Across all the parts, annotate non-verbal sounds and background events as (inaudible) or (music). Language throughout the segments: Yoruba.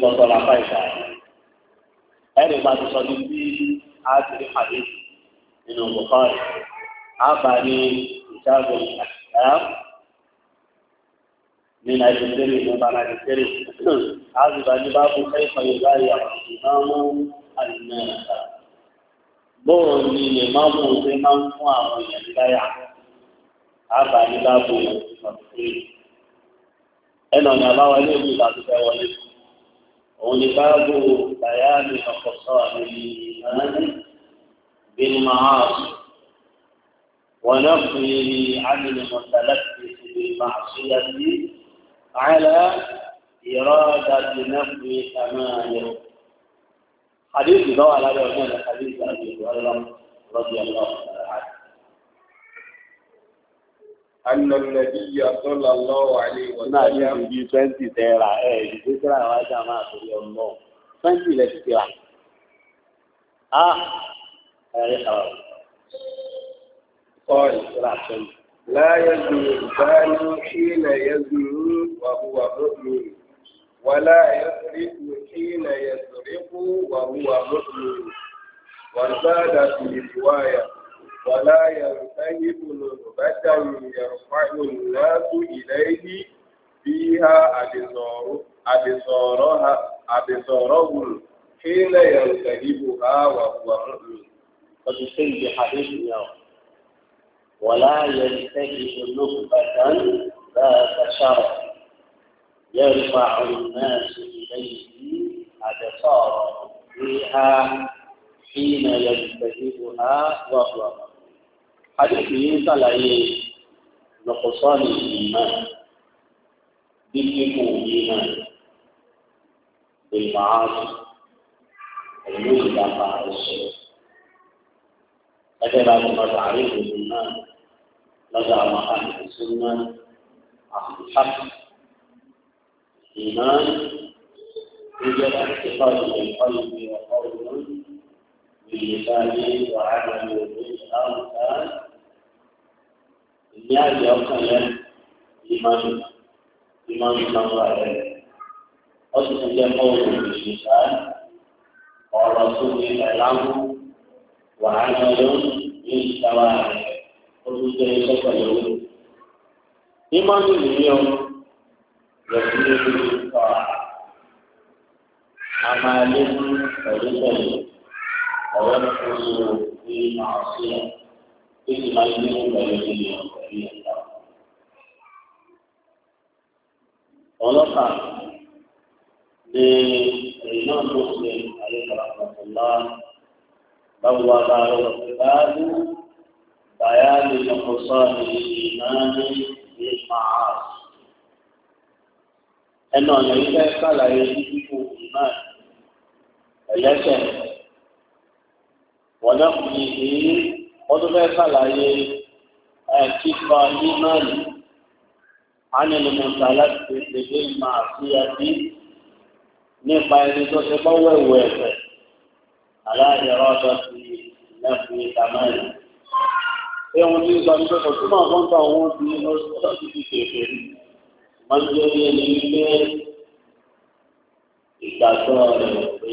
sọ̀tọ̀ làbá ìgbà yẹn ẹnì máa ti sọ ní bí a ti rí pàdé nínú bùkọ́rì a bá ní ìjáàbò ìgbà ní nàìjíríà ìjọba nàìjíríà a sì bá ní báàbù kẹ́kọ̀ọ́ yorùbá yà ìmáàmù àlùmọ́ọ̀ta bóòrò ni lè má mú un pé máa àwọn èèyàn láyà a bá ní báàbù ìjọba ẹnà ní àbáwọlé ìlú ìbàdàn fẹ́ wọlé fún. ولباب بيان مقصاد الإيمان بالمعاصي ونفيه عن المتلبس بالمعصية على إرادة نفي كماله حديث ضوء على حديث أبي هريرة رضي الله عنه Anàlẹ́bíyà sọ́là lọ́wọ́ àlè ìwọ̀n. Náà ní ìdí twenty tẹ́ra ẹ̀ ìdí tẹ́ra wa ṣe àmà àtòrí ọmọ. Twenty lẹ ti tẹ́ra. Á ẹ̀rí kàwé. Sọ́ọ̀lì tẹ́ra twenty. Láyé zùrù báyìí ṣílẹ̀ yẹ zùrù wàhùwà mọ́tò. Wàlá yẹ sùrìkù ṣílẹ̀ yẹ sùrìkù wàhùwà mọ́tò. Wàlá dàbí ìwáyà. ولا يلتهب نخبة يرفع الناس إليه فيها أبصارها أبصاره حين يلتهبها وهو قد فبسن بحديث يوم ولا يلتهب نخبة ذات شرف يرفع الناس إليه أبصارهم فيها حين يلتهبها وهو حديث من يطلع نقصان الإيمان بالكفو الإيمان بالمعاصي الموت دفع الشرك أجل أن نتعرف الإيمان نزع محل السنة أهل الحق الإيمان يوجد اعتقاد بالقلب وقول باللسان وعدم الوجه أو الآن láàyè ọkàn yẹn ìmọ̀nù ìmọ̀nù lọ́wọ́ rẹ̀ ó sì ti jẹ́ kó o lè ṣe sáà ọ̀rọ̀ tó ní ẹ̀láńkú wàhálà yóò ní ìṣàwà rẹ̀ ó tún jẹ́ iṣẹ́ pẹ̀lú owó. ìmọ̀nù nìyí o yẹ̀sí ní ìlú sọ̀rọ̀ a máa lé fún pẹ̀lú pẹ̀lú ọ̀rọ̀ tó ní ìmọ̀ ọ̀sẹ̀ tó sì máa lé fún pẹ̀lú ìlú. ọlọ́pàá ní ìmọ̀ mọ̀sẹ̀ àlẹ́kọ̀ọ́lá báwo wà bá rọ̀ báyìí bàyáàlì ọ̀pọ̀sọ́ ní ìmáàmì ní màá. ẹnu ọ̀nà yìí fẹ́ sàlàyé kíkú ìmáàmì ẹlẹ́sẹ̀ wọ́n náà kù ní ìdí wọ́n tún fẹ́ sàlàyé kíkọ عن المنطلق بالمعصية nípa ẹni tó ṣe bọ́ wẹ̀wù ẹ̀fẹ̀ aláìyẹ̀rọ ọ̀dọ́ ti lẹ́fù ìtàmẹ́rin. ṣé wọn ti sọ nípa kò túmọ̀ fún tọ̀ wọn ti lọ́sọ̀ ti fi kéde rí. wọ́n ti rí ẹni wípé ìgbàgbọ́ rẹ̀ ò pé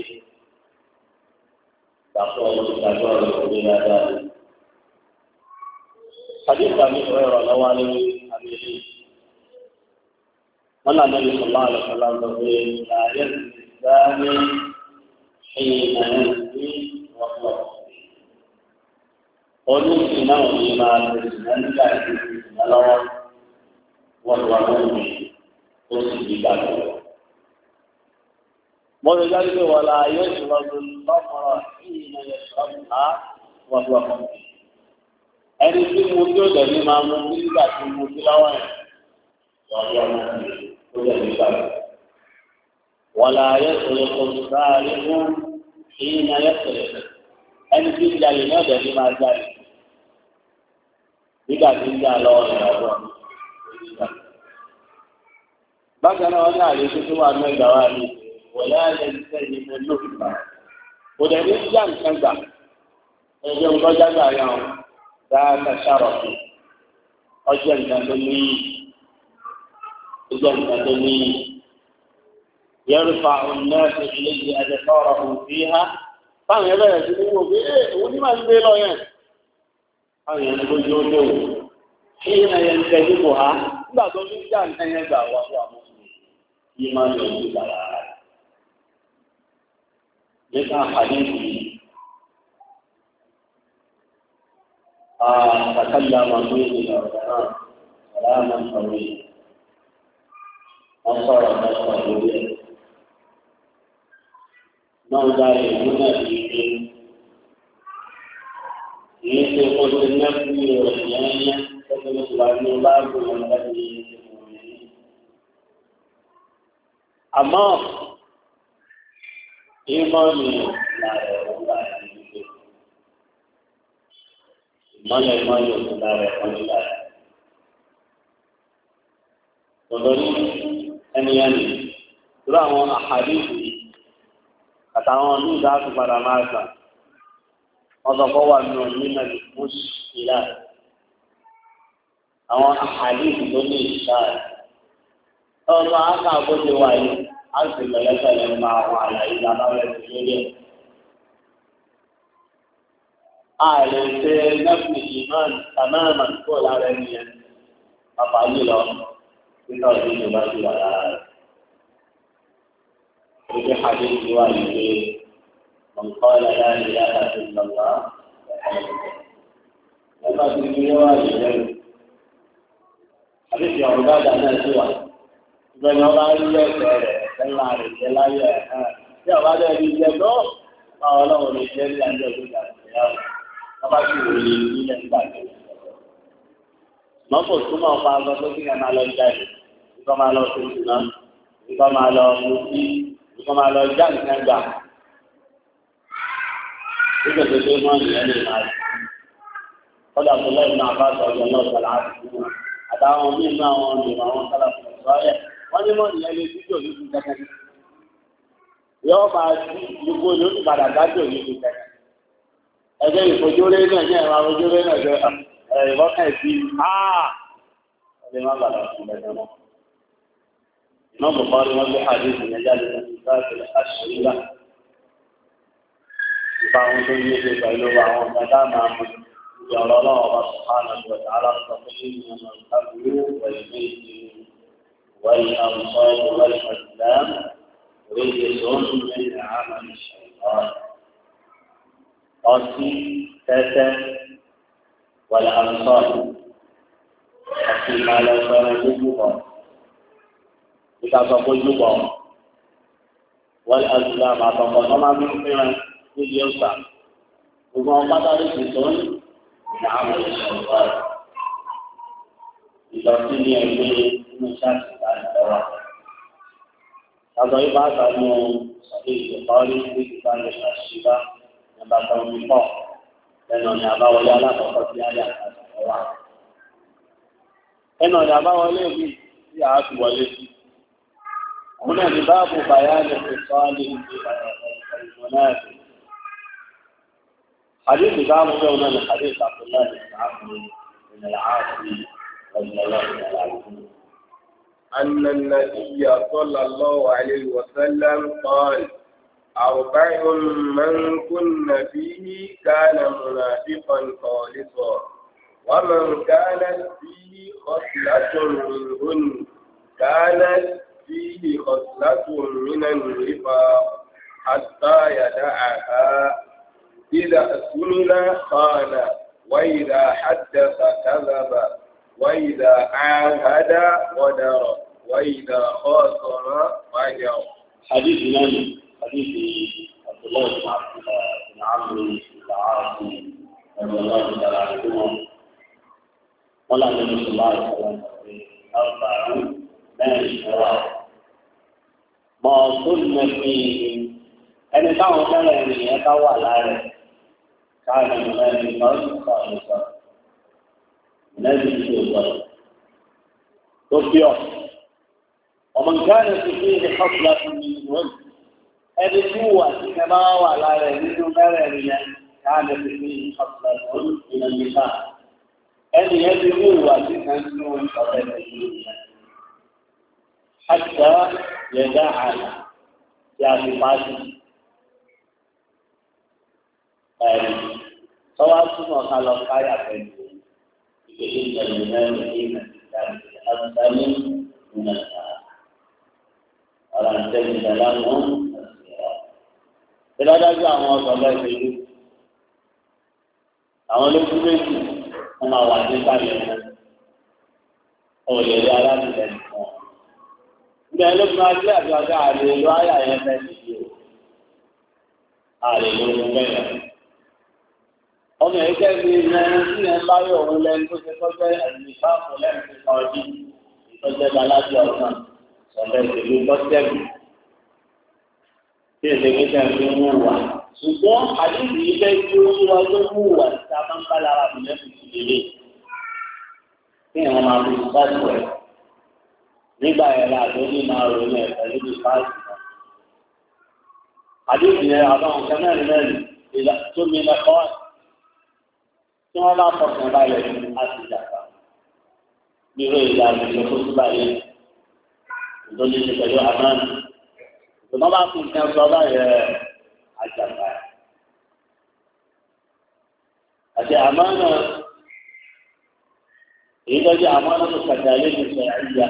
ìgbàgbọ́ ìgbàgbọ́ rẹ̀ ò pé dáadáa. àdéhùn àmì ìfọ̀rọ̀ alẹ́ àmì ìlú wọn là nàbí sọlá àlọsọlá lọ pé ààyè ìdáni ṣìnà ní ọpọ oníṣìí náà ní máa tẹsí náà nígbà tí ìṣìnà lọ́wọ́ wọn wà lóhùn ó sì di gbàgbọ́. mo lè dájú pé wọn là ààyè ìṣòro lọ́kọ̀ọ́ ìṣìnà yẹn sọ̀rọ̀ ká wọ́n wà lóhùn ẹni tí mo tí ó dẹ̀ ní máa mú nígbà tí mo tí láwọn ẹ̀ lọ́yọ́ mọ́ mi tó yẹ nípa rẹ̀. wọ́n la yẹ sọ̀rọ̀ kó sáré fún èyí ni ayẹ sọ̀rọ̀ ẹni tí ń jalè ní ọ̀dẹ̀ ní máa jalè nígbà tí ń jà lọ ìrànwọ́ bákan náà wọ́n ní àlejò tó wà ní ẹgbàá wa ní wọ́n yá ẹni sẹ́yìn ní lókùnbà kò dẹ̀ ní jà nǹkan gbà ẹgbẹ́ ń lọ́jà gbà yàn dáadáa ṣàròkè ọjọ́ nǹkan jẹ́ nǹkan tó ní yẹrùfà ọ̀nà ìṣẹ̀lẹ̀ yìí àjẹsọ́ ọ̀rọ̀ kò sí ha báwọn yẹn bẹ̀rẹ̀ sí ní wò pé ee òun ní màá ń gbé lọ yẹn báwọn yẹn ló yóò dé wò kí yẹn yẹn ń tẹ́jú kò تكلم به العلماء طويلا wọ́n sọ̀rọ̀ lórí ẹ̀. náà dáre ìlú náà ti gbé kìí ṣe kó ṣe mẹ́fì rẹ̀ yẹ́nyẹ́ tẹ́tẹ́ ló ti ní báàgì wọn láti yẹ ìwòye. àmọ́ ìmọ̀ mi lára ẹ̀rọ láti gbé ìmọ̀lẹ̀ ìmọ̀lẹ̀ òkúta rẹ̀ kọ́ni láti. ẹnìyẹn nì lórí àwọn àhàdìsì yìí àtàwọn míì bá tún padà máa gbà wọn sọ fọwọ́ àmì ọ̀nà nínú ẹ̀mí fún ìlà àwọn àhàdìsì tó ní ìṣá rẹ̀ ọ̀rọ̀ àká bó ti wà yìí á sì mẹ̀lẹ́tẹ̀lẹ́ máa wà láyé lábẹ́ ìlú yẹn. ààrẹ ṣe nẹ́fù ìmọ̀ tàmáàmà kúrò lára ẹni yẹn bàbá yìí lọ nígbà tó ń bá ti wà lára rẹ̀. Ojú àdé ti wà nílé ọ̀nkọ́ ìlànà ìlà àti ìlànà nígbà tí ìdílé wà nílé rẹ̀. Àbí ti ọ̀rọ̀ dáadáa náà ti wà. Ìgbẹ́ni ọba ń lé ẹ̀sẹ̀ rẹ̀ ẹ̀la rẹ̀ jẹ́ láyé ẹ̀ tí ọba dẹ̀ ní jẹ́ tó máa ọlọ́run lè jẹ́ ní àjọ ìgbà ìgbà ọba sì wò lè ní ilẹ̀ nígbà tó. Mọ́tò túmọ̀ pa ọgbọ́n tó kí ẹ máa lọ jáde ìkọ́ máa lọ sí ìṣúná ìkọ́ máa lọ sí ìkọ́ máa lọ já nǹkan gbà nígbà tó mọ́ ìyẹn lè máa lọ. kọ́dà tó lọ́ọ̀ náà bá sọ ọjọ́ náà sọ̀rọ̀ àti fún wa àtàwọn míì náà wọn lè máa wọn kálá fún ọ̀sọ́ ẹ̀ wọ́n ní mọ́ ìyẹn lè dídò ní fún kẹ́kẹ́ yọ máa di gbogbo lórí padà dájọ́ ní fún kẹ́kẹ́ ẹgbẹ́ ìfojúrí náà ní ẹ̀rọ àfojúrí náà jẹ́ ẹ̀rọ ìwọ́kẹ̀ sí i ọ̀lẹ́ má bàlá fún ẹ̀jẹ̀ náà. إمام البخاري وضع حديث من أجل الانتفاع الأشهر له فهو سنة فإنه وعوان مدام يرى الله سبحانه وتعالى التقييم من القبل والميت والأنصار والأسلام رجس من عمل الشيطان أصي تاتا والأنصار ما لا كان الله ìta sọ pé jùbọ̀ wọ́n àdúrà àtọ̀kọ̀ tó máa ń fi hàn níbi ọ̀sà gbogbo àwọn pátákì sì tó ń nà á wọlé ṣọ̀rọ̀ ìdọ̀tí ní ẹgbẹ́ inú ṣáàtì láti tọ́wà. Àgbọ̀ yìí bá àtàwọn ọ̀sẹ̀ ìjọba orí ní ìgbà lè ṣàṣìbá nígbà tó ń pọ̀ lẹ́nu ọ̀nà àbáwọlé alákọ̀ọ́kọ́ tí a yà àtàwọn Ẹnu ọ̀nà àbáwọlé mi tí a ti wọlé sí. هنا باب بيان اتصال المنافق حديث باب هنا من حديث عبد الله بن عمرو بن العاص رضي الله عنه أن النبي صلى الله عليه وسلم قال أربع من كن فيه كان منافقا خالصا ومن كانت فيه خصلة منهن كانت فيه خصلة من النفاق حتى يدعها إذا سمن خان وإذا حدث كذب وإذا عاهد ودر وإذا خاصم فجر حديث من حديث عبد الله بن عمرو بن عمرو العاص رضي الله تعالى عنهما قال النبي صلى الله عليه وسلم أربع من الشراب mọ̀ọ́sùnmọ̀ fi ẹni táwọn fẹ́rẹ̀ ènìyàn bá wà lára káàdì ẹni lọ́sùkà nìkan lẹ́bi tí o gbọ́dọ̀ tó bí ọ. ọmọ nǹkan ti fi ní kọ́kùlá fún mi lónìí ẹni tí wà sí ẹ bá wà lára nínú fẹ́rẹ̀ ènìyàn káàdì ti fi ní kọ́kùlá fún mi lónìí ẹni yẹn ti mú ìwà sí kan nínú ọ̀rẹ́ rẹ̀ lónìí yẹ̀dá àlà tí a fi máa dùn. Ẹ̀rí tọ́wá túmọ̀ ká lọ káyà pẹ̀lú ìgbésẹ̀ ìjọba mẹ́rin ní Nàìjíríà àtàlẹ́ ìnàta. Ọ̀rọ̀ àtẹ̀lé ìdàlá wọn àṣìyà. Ìdájọ́ àwọn ọ̀sọ̀lọ́ ìpèlú. Àwọn olókùn méjì wọ́n máa wà ní ìbàlẹ̀ wọn. Òòlù ẹ̀rí alátìlẹ́yìn ìgbà ló máa gbé àgbàdo àlè ló ayà yẹn fẹ́ nìyí o àlè ló ń bẹ̀rẹ̀. ọmọ yìí kẹ́mi lẹ́nu tí yẹn bá yọ òun lẹ́nu tó ṣe kọ́ bẹ́ẹ̀ ẹ̀mí bá fún lẹ́nu tó kọ́ ọdí ìtọ́jẹ́ balájú ọ̀sán sọ̀rọ̀ ìṣèlú bọ́sẹ̀lì tí èdè gbèsè ń fi mú wa. ṣùgbọ́n àdéhùn yìí fẹ́ kí ó wá tó mú wa tá a máa ń bá lára àbúlẹ̀ tuntun lélẹ̀ kí ìwọ̀n máa fi bá ẹ̀ nígbà yẹn láti ní máa ronú ẹ̀ pẹ̀lú bí fáàsì náà. àdéhùn yẹn àwọn nǹkan mẹ́rin mẹ́rin ìlà tó mi lẹ́kọ́ tí wọ́n bá fọkàn balẹ̀ ní láti dàgbà. nírò ìlà àgbègbè tó ti báyìí ìdóni ti pẹ̀lú àmánì. ìgbìmọ̀ bá fi nǹkan sọ báyẹ̀ àjàgbá. àti àmánà èyí tó jẹ́ àmánà tó kàtà lé ní sọ̀rọ̀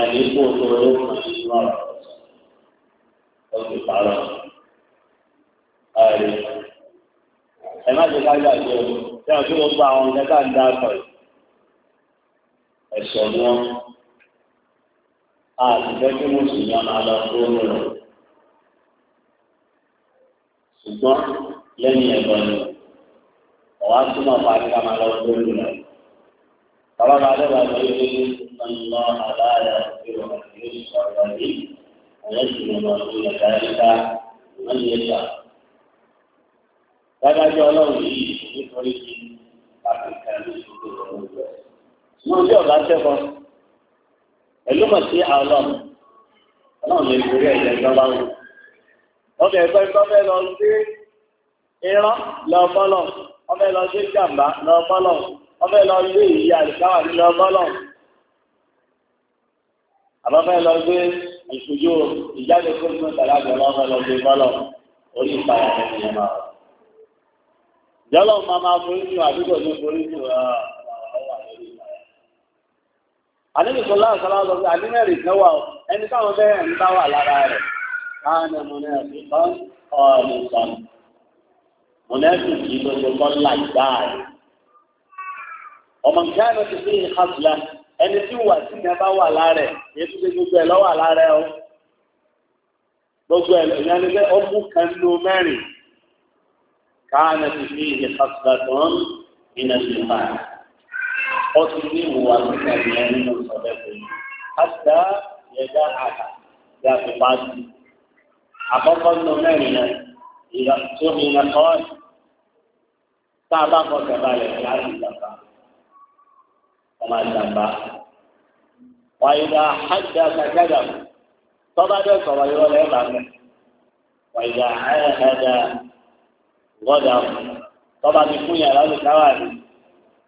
ẹni kó o tó o kàn nínú ọ̀rọ̀ o ti parọ́ ẹ̀rí ẹ má ti kájà jẹ o tí a ti lọ gba àwọn kẹta ń dá akọ yìí ẹ̀sọ́ ni wọ́n a ti fẹ́ kí mùsùlùmí ọ̀nà tó o lọ ṣùgbọ́n lẹ́yìn ẹ̀gbọ́n ni ọ̀wá túmọ̀ fún akíkà máa lọ tó o lọ. Bàbá bá dẹ́gbàá lọ أن الله لا يغفر أن يشرك به ويغفر ما دون ذلك لمن يشاء dáadáa ọlọ́run yìí nítorí kí áfíríkà ní ìṣòro ọ̀hún lọ sí irán lọ lọ sí jàmbá lọ lọ sí ìyá lọ àbáfẹ́ lọ gbé ìṣojú ìjáde kó nínú tàlágbà ọlọ́fẹ́ lọ gbé bọ́lọ̀ orí ìpayà ẹni ẹ̀ máa. jọlọ́ máa máa forí ju àdúgbò ní forí ju àdébì tó láàkàlà lọ sí àdínẹ́rì kan wà ẹni táwọn bẹ́ẹ̀ ń bá wà lára rẹ̀ káàní mọ̀nẹ́ẹ̀sì kan ọ̀ọ́nì kan mọ̀nẹ́ẹ̀sì kì í lọ́jọ́ kan láì dáa ọmọ nǹkan ẹni ti fi ìhàsílẹ̀ ẹni tí wà sí ní ẹbá wà lára ẹ̀ yẹn tó ṣe gbogbo ẹ̀ lọ́wọ́ lára ẹ̀ o gbogbo ẹ̀ lọ́yìn ẹni pé ó mú kan ló mẹ́rin káàna ti fi ìhè pàṣípàtàn iná ti fà á ó ti ní ìwà nípa ìyẹn nínú sọ̀rọ̀ ẹ̀kọ́ yìí àṣà yẹ̀dá àṣà yà fi pa sí àkọ́kọ́ ló mẹ́rin náà ìyà tó ní iná tá a bá kọ́ kẹ̀kẹ́ rẹ̀ kí á ọmọ àjàmbá wà ìdá àjà kàkàdà tọ́ba dé sọ̀rọ̀ yọ lẹ́ẹ̀bà mi wà ìdá àyàkàdà gbọ́dà tọ́ba ti fún yàrá olùkáwà mi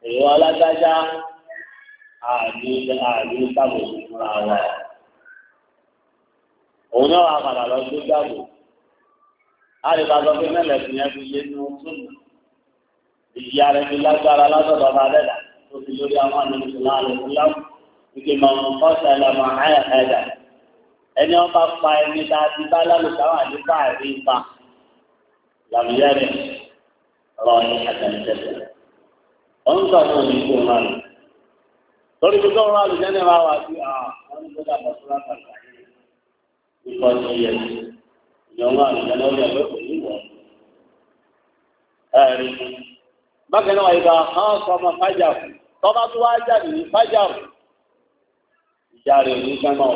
èyí ọlágájá àbí àbí sábòsí fúnra wa òun náà wà padà lọ sí gbàgbọ́ àdìbàdàn fún mẹ́lẹ̀ fìyẹn fi yé ní oṣù ìyá rẹ̀ fi lágbára lọ́sọ̀dọ̀ máa dẹ́dà oṣù lórí àwọn àlùfáà àlùfáà wípé màmá ọ̀sẹ̀ làmà àyà ẹ̀dà ẹni wọn bá pa ẹni tá a ti bá lálùkà wà ní fàárí pa làmúyẹrẹ rọ ní àtẹnudẹsẹ òun kà fún mi kó máa lò torí pé kó máa lò jẹ́ni máa wà sí àwọn ní kódà bàtúrà kàkà yìí nípa ti yẹ ìyọ̀n máa lò tọ́ba tó wá jáde ní fájàmù ìjà ní sẹ́nà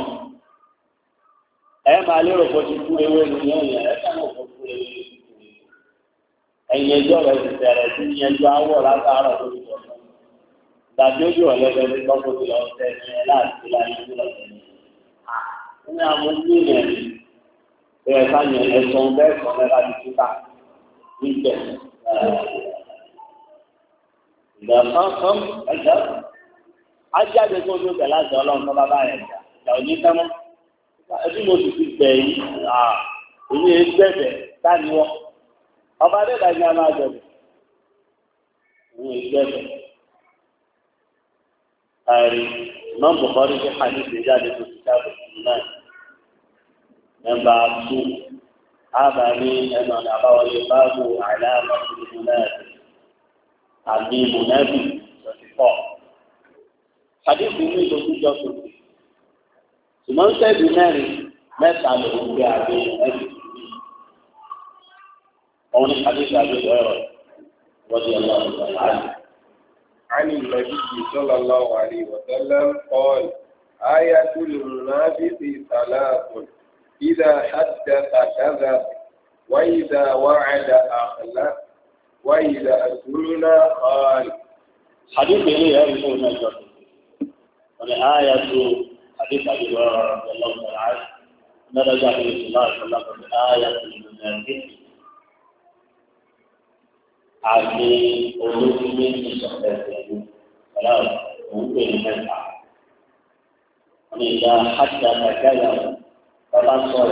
ẹ máa lérò pé ti kú ewé ni yẹn ẹ sẹ́nà kó ewé ni ẹ̀yìn ẹjọ́ ti bẹ̀rẹ̀ sí ní ẹjọ́ awọ̀ látàárọ̀ lórí ìjọba ìgbàgbé ojú ọ̀lẹ́gbẹ̀ẹ́ ní gbọ́dọ̀ tó lọ sẹ́ ẹ láti láyé ní ọ̀sẹ̀ ní. ní àwọn ní ìyẹn bẹ̀rẹ̀ sáyẹn ẹ̀sán bẹ́ẹ̀ sọ mẹ́ta ti túkà níbẹ̀ ìdàkọ́kọ́m ẹ̀dá ajáde tó ló tẹ̀ láti ọlọ́run tó bá bá yẹn jà ìjà òní sẹ́mọ́ ẹbí mo sì ti bẹ̀ yìí à èyí ẹ gbẹ̀bẹ̀ sáni wọ́ ọba adéka ni a máa bẹ̀rẹ̀ èyí ẹ gbẹ̀bẹ̀ ẹ̀rí nọ́ọ̀mù bọ̀kọ́rí ní hànífẹ́ jáde tó ti jáde náà nọ́mbà tó àbá ní ẹnu ọ̀nà àbáwọlé báàbò àìláàmọ́ tó ti mú náà عليم نبي وشفاء حديث من يقول جاسم سمان سيد ناري ما تعلمون بعدين نبي أو حديث أبي هريرة رضي الله تعالى عنه عن النبي صلى الله عليه وسلم قال آية المنافق ثلاث إذا حدث كذب وإذا وعد أخلف وإذا أكلنا قال حديث لي هذه الأمة ونهاية حديث أبي هريرة رضي الله تعالى عنه ماذا جاء في رسول الله صلى الله عليه وسلم آية المنافق عمي من شخصيته فلا ممكن أن وإذا حدث كلام فقد صار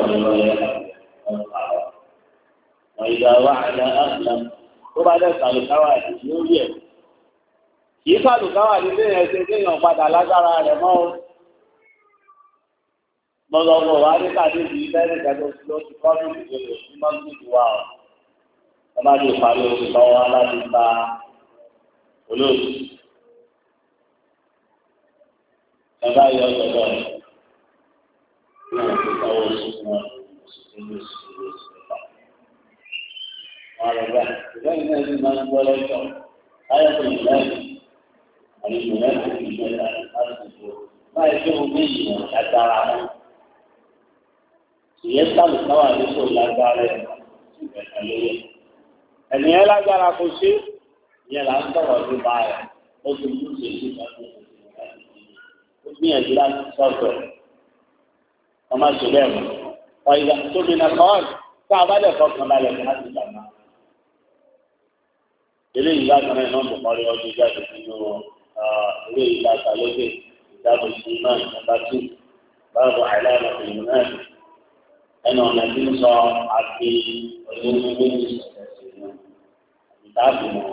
وإذا وعد أخلف tó bá dẹ̀ sàlùkáwà lórí ẹ̀. Kì sàlùkáwà ní bí ẹ̀ kéèyàn padà lágbára rẹ̀ mọ́ o. Mo lọ bọ̀ wá ní kàdé ìdí bẹ́ẹ̀rẹ̀ kẹ́tọ́ sí ló ti kọ́ nínú ìgbèrè sí mọ́tìkì wa o. Ẹ má lè parí oṣù lọ́wọ́ láti gba olóòtú. Ẹ bá yọ ọ̀dọ̀ lọ. Ní àwọn ìgbà wo oṣù fún ọ, oṣù fún ọ̀rọ̀gbà ìbẹ́yìn náà ní máa ń gbọ́ lọ́jọ́ ayọ̀kọ̀ ìlànà àyùkọ̀ náà ti fi mẹ́ta lásìkò báyìí tó o ní ìyàn lágbára mọ́. ìyẹn sábà sáwà ní kò lágbára ẹ̀ ìbẹ̀ta lóye. ẹ̀nìyẹn lágbára sí ìyẹn là ń sọ̀rọ̀ ní báyà ó ti mú sí ìgbà tó ó gbìyànjú láti sọ̀rọ̀ ọmọ ṣẹlẹ̀ mọ́. ọ̀yà tóbi náà kọ́ ọ́ tá a bá lẹ̀ fọkàn balẹ̀ láti gbà eléyìí láti rìn náà bùkárí ọdún jáde nínú eléyìí láti alóde ìdáàbò sí náà nígbà tí báwo àìláàbò ìlú náà ẹnu ọ̀nà tí ń sọ àti olóyún méjì sọ̀rọ̀ sí i ìdáàbò mọ́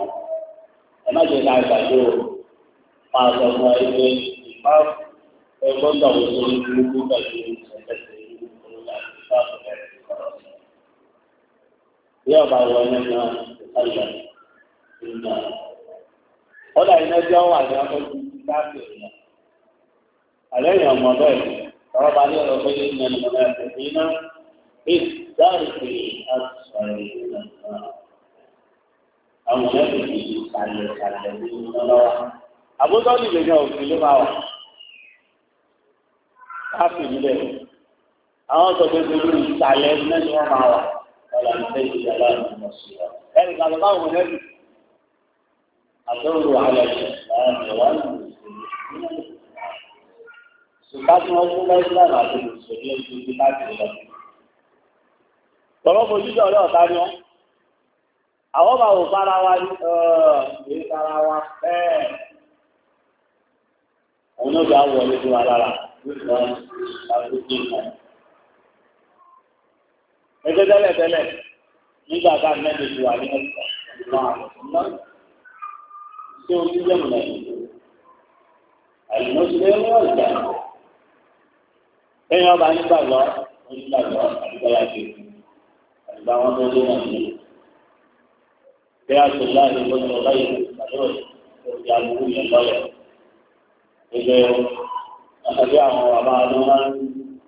ẹ má jẹ́ ká gbàgbé o máa sọ fún ẹ pé ìpá ẹgbọ́n gbàgbé sórí burúkú pẹ̀lú ìṣẹ̀lẹ̀ sí i olóyún àti ìdáàbò rẹ̀ sọ̀rọ̀ sí i. bí ọba wọlé náà ìpàlẹ̀ ìlú ọ̀dà iná jẹ́ ọ̀wà akọ́jú káàkiri ìlú àlẹ́ ìyàn ọmọ bẹ́ẹ̀ ọ̀rọ̀ bá ní ọ̀rọ̀ pé ní ìyẹn ọmọ náà kò ní iná ìdáàbòbò àtúnṣe ìlú àwọn ọmọ kì í kalẹ̀ kalẹ̀ ní iná lọ́wọ́ àbótọ́ nílé òfin ló máa wà káàkiri nílẹ̀ àwọn sọ pé pẹ̀lú ìsàlẹ̀ náà ni wọ́n máa wà ọ̀là ìfẹ́ ìjọba ìmọ̀ sí أدور على الإسلام والمسلمين سلطات موجودة الإسلام àti Mùsùlùmí ojú ti láti lọ. Tọ́lọ́ mojú jọ ọ̀rẹ́ ọ̀tá ni wọ́n. Àwọn máa wò bára wa ní ìwé bára wa bẹ́ẹ̀. Àwọn náà bá wọlé fún wa lára nípa àkókò ìgbà. Ẹgbẹ́ tẹ́lẹ̀ tẹ́lẹ̀ nígbà tá a tí wọ́n ti dẹ́mu náà àlùmọ́sílẹ̀ ń wọ́n ìgbà ẹ̀yin ọba nígbà lọ nígbà lọ àdúgbò láti tó lé wọn ní bí a sọ láti lọ́sọ̀ láyé àdúgbò ìgbà àdúgbò yẹn lọ́yẹ̀ gbogbo àtàbí àwọn bàbá ló máa ń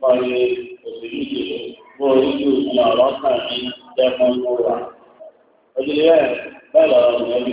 kọ́lé òṣèlú ìdìbò bó oríṣi òṣèlú ọ̀rọ̀ ní dẹ́kun ló wà. òṣèlú yẹn bẹ́ẹ̀ lọ́rọ̀ ìyẹn bí.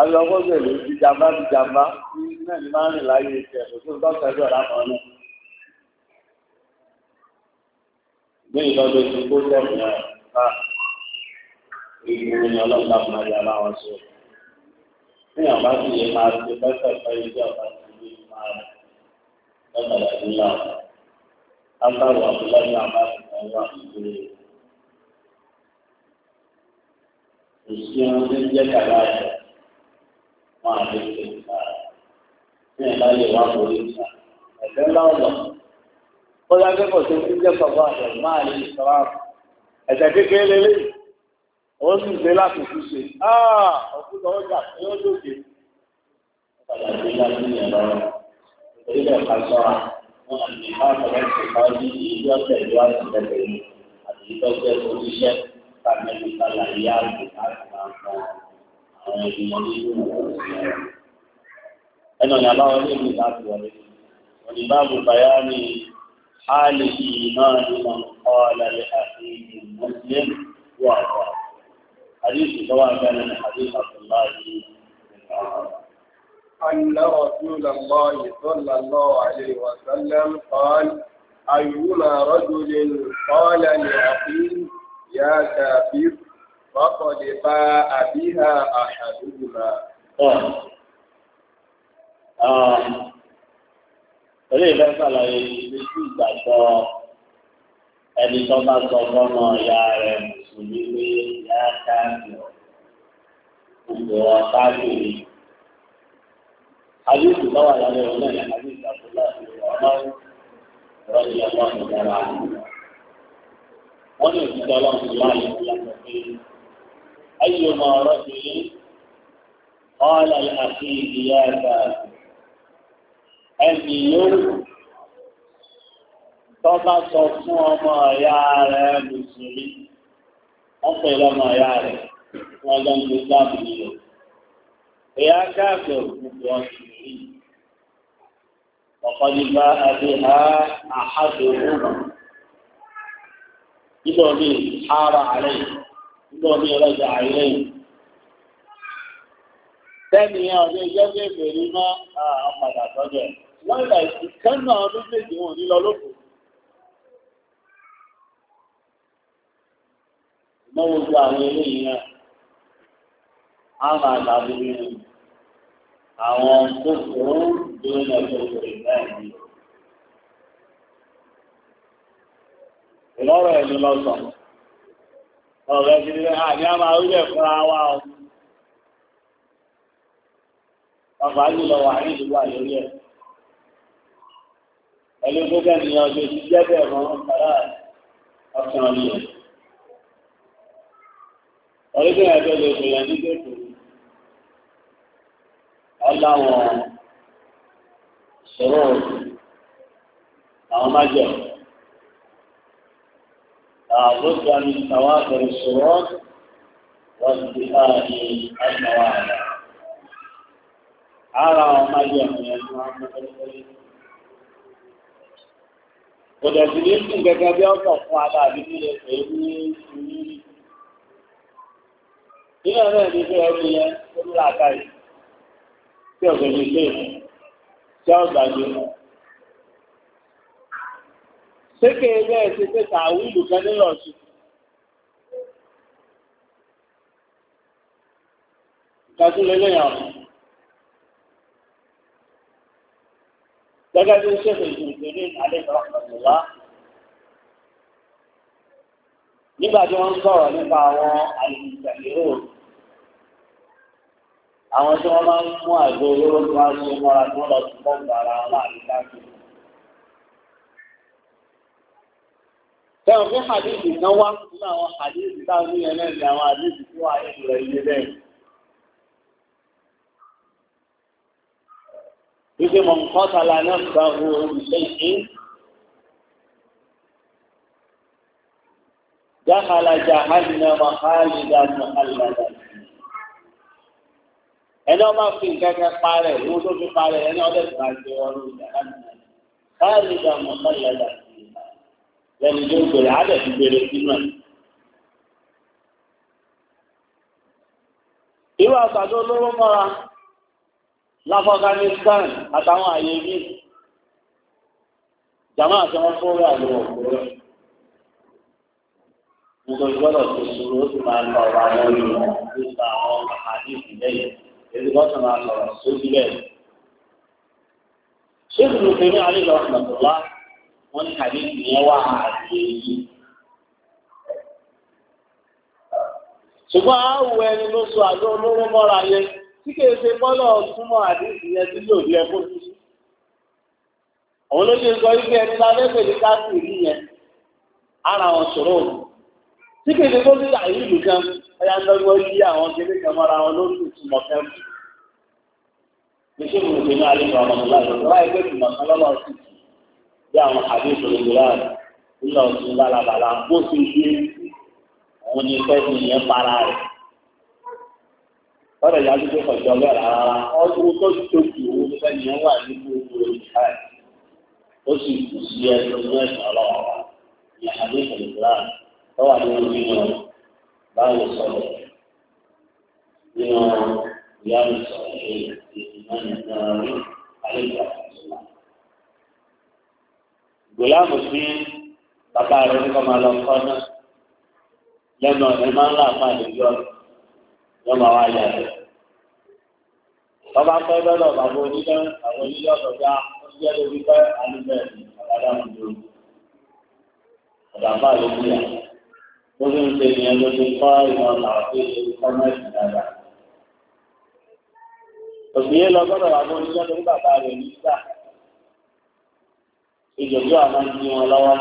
àwọn ọgọ́gbẹ̀lẹ̀ ti jàmbá ti jàmbá náà ni máa ń rìn láyé ìṣẹ̀ kò tó dọ́kítà ẹgbẹ́ ọ̀la kan náà. Bí ìlọ́dọ̀ ti kó tẹ̀mù náà ká ìgbìmọ̀ ni ọlọ́pàá fún ayé aláwọ̀ ṣe. Bí àbá sì yẹ máa ṣe bẹ́sẹ̀ fẹ́ ilé ọ̀pá ti ní máa rẹ̀ lọ́kàdà sí ńlá. Ábàrò àbúlá ní àbá ti kan wà nílé. Kò sí ohun tí ń jẹ́ kàlá àjọ máa lè ṣe ìgbà ní ẹ̀ka lè wá borí ìgbà ẹ̀fẹ́ láwùjọ. Bọ́lá akẹ́kọ̀ọ́ tó ń jẹ́ bàbá àgbà máa lè sọ̀rọ̀ ẹ̀sẹ̀ kékeré lélẹ̀ ó sì gbé láti fi ṣe ọ̀kúta ọjà tí ó lòdì. Bàbá àti ìyá ní ẹ̀rọ orílẹ̀ ẹ̀ka sọ́ra wọn àti ìbá àtọ̀rẹ́ ti ká ní ìlú ọ̀sẹ̀ ìlú àtìlẹ́gbẹ̀ẹ́ àti ìtọ́jú ẹ̀kọ́ oníṣẹ́ tàbí ìtàlàyé àgbẹ̀ àti àwọn ọmọ àwọn ìgbìmọ̀ nínú ẹnu ọ̀nà aláwọ̀ ilé ìlú láti wọlé òní báàbù bàyá ni hálì ìmáà ni wọn kọ́ lálẹ́ àti ìlú mọ́sílẹ̀ wà wà àdéhùn tó wà gbẹ́nu ní àdéhùn àtúnlá yìí أن رسول الله صلى الله عليه وسلم قال أيما رجل قال لأخيه يا كافر fọ́kànlè bá àbíhà àṣàdúgbò Orí ìfẹ́ sàlàyé ibi tí ìgbàgbọ́ ẹni tó bá sọ fọ́nà ìyá rẹ̀ mùsùlùmí pé ìyá káàdì ọ̀gbọ̀n ọ̀táàdì rí. Àdéhùn tó wà lábẹ́ ọ̀nà ìyá àdéhùn ìgbàgbọ́ láti ọ̀nà ìrọ̀lẹ́ ọ̀nà ìgbàlá. Wọ́n ní òṣìṣẹ́ ọlọ́run láàyè ìyá sọ pé أيما رجل قال لأخيه إياك ẹni lórí tó bá sọ fún ọmọ ọ̀yá rẹ̀ lùsùlí wọ́n pè lọ́mọ ọ̀yá rẹ̀ wọ́n lọ ń gbé sáàmù nílò ìyá káàkiri òkùnkùn lọ ní ọlọ́jà àìlè yìí. Sẹ́ni yẹn ọdún ẹjọ́ bèbè ní mọ́ ọ̀padà sọ́jọ́ ẹ̀. Wọ́n ìgbà ìkẹ́ náà ọdún méjì wọn ní lọ lóko. Mọ́wọ́ gba àwọn eléyìí náà. A máa dàbí nínú àwọn tó kúrò lórí ọjọ́ ìgbà ìgbà ìgbà. Ìlọ́rọ̀ ẹ̀ ló lọ sọ̀rọ̀. ọ̀rẹ́ gidi rẹ̀ àní a máa rí ẹ̀fọ́ wa o. Bàbá jùlọ wà ní ìlú àlórí ẹ̀. Ẹni tó kẹ́ni ọjọ́ ti jẹ́ bẹ́ẹ̀ mọ́ ọ̀pára ọ̀sán ọ̀lú ẹ̀. lè ní gbèsè. Ọláwọ̀n àwọn májẹ̀mú. لابد من توافر الشروط وانتهاء الموانع على ما يحمي Kòdà sí ní fún gẹ́gẹ́ bí ọ̀pọ̀ fún aláàbí ní ẹ̀fẹ́ ní ìrírí. Nínú ẹ̀rọ ẹ̀mí fẹ́ ẹni yẹn tó ní làákàyè tí ọ̀gbẹ̀ni pé tí ọ̀gbà ní sékè bẹ́ẹ̀ ṣe pé tàwílù kan nílò sí. Ìtàkùn lélẹ̀ yàn. Gẹ́gẹ́ bí ṣètò ìgbìmọ̀ ní ìpàdé ìgbàlódé nígbà tí wọ́n ń sọ̀rọ̀ nípa àwọn àìsàlérò àwọn tí wọ́n máa ń mú àgbo olóró tí wọ́n á ṣe mọ́ra tí wọ́n lọ sí bọ́ọ̀lù ara wọn láàrin láti Tẹ́wọ̀n fún hadithi kan wá nínú àwọn hadithi táwọn ní ẹlẹ́rìí àwọn hadithi tó wà nínú rẹ̀ ilé bẹ́ẹ̀. Wípé mọ̀ nǹkan tala náà gba ohun ìṣe ìṣe. Jákàlá jàhálì náà wà káàlì dáná àlàdà. Ẹni ọba fi nǹkan kan parẹ̀, ìwọ́n tó fi parẹ̀, ẹni ọdẹ tó máa ṣe ọrùn ìjà láti náà. Káàlì dáná àlàdà lẹ́nu tó ń pèrè àádẹ́ ti pèrè sínú ẹ̀. irú àtàdé olóró mọ́ra láfọ́gánistán àtàwọn àyè bí jàmáà àti wọn fún orí àlọ́ òkúrẹ́ nítorí gbọ́dọ̀ tó sùúrù ó sì máa ń lọ ọ̀rọ̀ àwọn olùmọ̀ nípa àwọn àkàdé ìpínlẹ̀ yìí èyí gbọ́dọ̀ máa lọ sójú bẹ́ẹ̀. ṣé ìlú tèmi àlejò ọ̀sán tó láti wọ́n ní àdéhùn yẹn wà àdéhùn. ṣùgbọ́n a ẹni ló sọ àlọ́ olóró mọ́ra yẹn tí kìí ṣe bọ́lọ̀ túmọ̀ àdéhùn yẹn tí yóò yẹ àwọn olóṣèlú sọ wípé ẹni pèlú káàkiri ara wọn sọ̀rọ̀ òun tí kìí ṣe tó ti dà yìí nìkan ẹ̀yà ń yí àwọn kan mọ́ra wọn lóṣù bí àwọn àdéhùn ìlúra ńlọ sí balabala bó ti dé òun ni fẹ́ẹ́ nìyẹn para rẹ̀ lọ́dọ̀ ìyá tó kọ̀ jọ bẹ́ẹ̀ rárá ọdún tó ti tó kù òun ni fẹ́ẹ́ nìyẹn wà ní gbogbo ìhà ó sì kù sí ẹnu ní ẹ̀sán ọlọ́wọ́ wa ní àdéhùn ìlúra lọ́wọ́ àdéhùn nínú báwo sọ̀rọ̀ nínú ìyá mi sọ̀rọ̀ ìmọ̀ nìkan rí àlejò gbòláàmù sí bàbá rẹ̀ ní kọ́má lọ kọ́ náà lẹ́nu ọ̀rẹ́ máa ń là fún àdéjọ́ ọ̀rẹ́ yóò máa wá yà rẹ̀. Bàbá pẹ́ lọ́dọ̀ bàbá onílẹ̀ àwọn onílẹ̀ ọ̀dọ̀dá ó jẹ́ lórí pẹ́ alúbẹ̀ àbádá òdo. Bàbá ló bí yà. Ó fi ń ìyẹn ló ti kọ́ ìmọ̀ làwọn kọ́mẹ́sì dáadáa. Òṣìyẹ́ lọ gbọ́dọ̀ bàbá onílẹ̀ lórí bàbá rẹ̀ nígbà ìjọjú àwọn ìdí wọn lọ́wọ́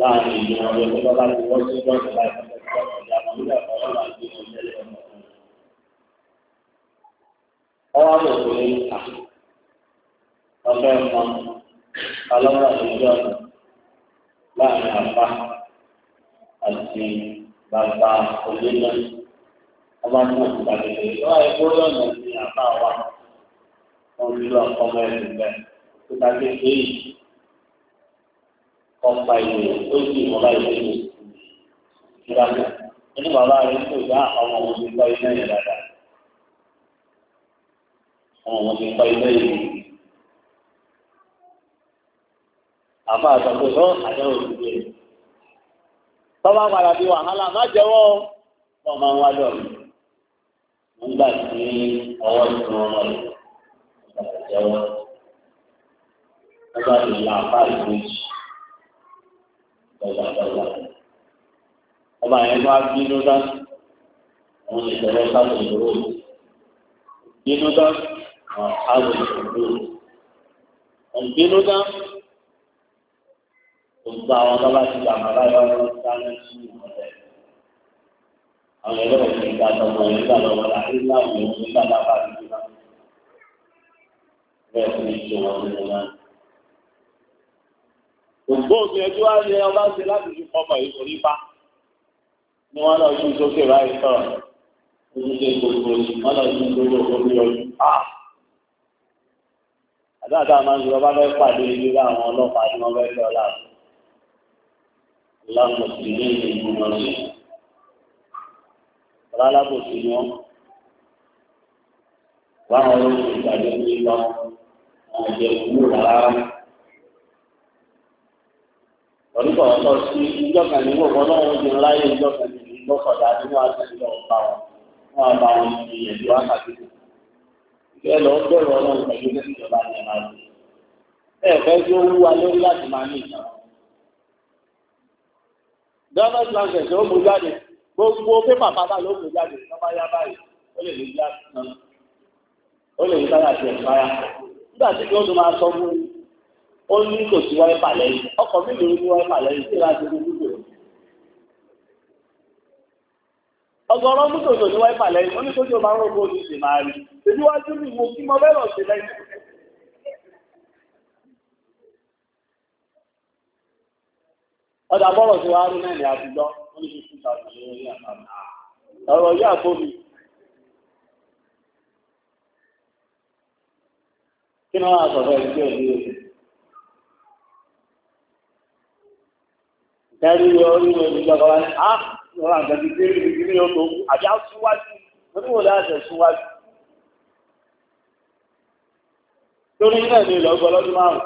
láàrin ìdí wọn lọ́wọ́ tó bá ti wọ́n sí gbọ́dọ̀ láti ọwọ́ àwọn òkùnrin níta ọ̀fẹ́ mọ ọlọ́wọ́ ìjọ láàrin àbá àti bàbá olóyè ọba tí wọn ti bàbá ìgbèrè lọ́wọ́ ẹgbẹ́ olóyè ní àbá wa wọn ń lo ọkọ̀ ọmọ ẹ̀sìn bẹ́ẹ̀ tó bá ti gbé yìí ọ̀pá ìwé ó sì ìwọ̀nba ìwé ìwé ìwà rẹ̀. nínú bàbá rẹ̀ tó ìyá àwọn ọmọ mi kọ́ iná yẹn dáadáa. àwọn ọmọ mi kọ́ iná yẹn. àbá àtọ̀tọ̀ tó àdáwò ti dé. tọ́ba padà bí wàhálà má jẹ́wọ́ wọ́n máa ń wá lọ. nígbà tí ọwọ́ ti wọn lọ. ọba ìlà apá ìwé jù ọba àgbàlá ọba yẹn bá bínú dá àwọn ìṣẹ̀lẹ̀ sábà ìdúró bínú dá àwọn sábà ìdúró bínú dá gbogbo àwọn bàbá ti gbàgbà báyọ̀ ọ̀rọ̀ sáré sí ìmọ̀lẹ̀ àwọn ẹgbẹ́ òfin ìgbà tọmọ yẹn gbà lọ́wọ́ láti láwọn ìwọ̀n nígbà bàbá àdúgbò náà bẹ́ẹ̀ fún ìṣòwò ọ̀rọ̀ náà òṣùpá ògbìyànjú wá yẹ ọba ṣe láti fi ọmọ yìí sórí pa ni wọn lọ yí sókè báyìí sọ̀rọ̀ ojúṣe gbogbo yìí wọn lọ yí gbogbo omi ọdún pa. àdáàdá máa ń lọ bá fẹ́ pàdé ilé àwọn ọlọ́pàá tí wọ́n fẹ́ lọ láàbù lábòsí ní ìlú lọ́sí ọ̀rá lábòsí ni wọ́n wá àwọn olóṣèlú ìgbàlódé lọ àwọn rárá ọdúnkọ̀ ọ̀tọ̀ sí ìjọba ní gbogbo ọlọ́run ti láyé ìjọba ní ìgbọ́kọ̀dá nínú àtẹ̀lé ọ̀pá wọn wọn bá wọn ní ẹ̀dùn wákàtí ìfẹ́ lọ bẹ̀rù ọlọ́run pẹ̀lú ní ìjọba ní ẹ̀ma rẹ̀ ẹ̀ fẹ́ tí ó wú wa lórí láti máa ní ìtàn. government transit ló mú jáde gbogbo pépà pátá ló mú jáde lọ́ba yá báyìí ó lè ní gíláàsì náà ó lè ní ó ní kò sí wáyé palẹ̀ yìí ọkọ̀ mi lè ní wáyé palẹ̀ yìí sí láti ní dúdú. ọgọ́rọ́ mú tòtò ní wáyé palẹ̀ yìí ó ní kójú máa ń rògbò ní ìsìn máa rí ibi wájú mi mo kí mo bẹ́ẹ̀ lọ sí lẹ́yìn. ọ̀dà bọ́rọ̀ tí wàá rí náà ní àtijọ́ ó ní fífi tàbí lórí àtàlà ọ̀rọ̀ yìí àgbómi. kí ni wọ́n á sọ̀rọ̀ ìgbé tẹ́rí orílẹ̀ ìjọba wa ní á lọ́wọ́ àgbẹ̀bí kéré ìdílé ọ̀tọ̀ àbí àṣùwájú oníwò láti ṣùwájú. torí náà ní ìlọ́gbọ́ lọ́dún márùn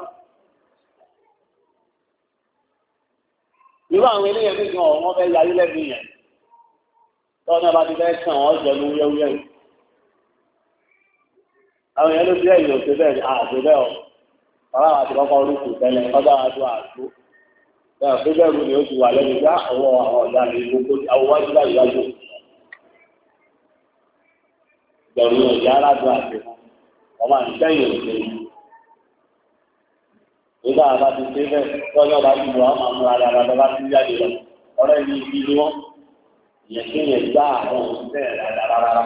irú àwọn eléyẹn nìkan ọ̀wọ́n fẹ́ yayé lẹ́nu yẹn tọ́nà bá ti fẹ́ sàn ọ́ jẹ́ ní wíyẹ́wíyẹ́ yìí. àwọn èèyàn ló bí ẹ̀yìn òṣèlú ẹ̀ àgbẹ̀bẹ̀ ọ̀ ọ̀rọ̀ àwọn àti kọ́kọ́ orúkọ tẹ́lẹ̀ ọjọ́ àjọ àjọ ẹ àfẹsẹ̀rù ni ó ti wà lẹ́nu dá àwọn ọ̀dà ní gbogbo àwọn wájú láyé wájú. ìbẹ̀rù ọ̀dà aládùn àti ọmọ àtìsẹ́yìn òkè nígbà bá ti dé bẹ́ẹ̀ lọ́jọ́ bá ti lọ àwọn àmú ara rẹ̀ bá ti jáde lọ ọ̀rẹ́ ní ibi ni wọ́n yẹ kí yẹn gbá àwọn òṣìṣẹ́ rẹ̀ rárá.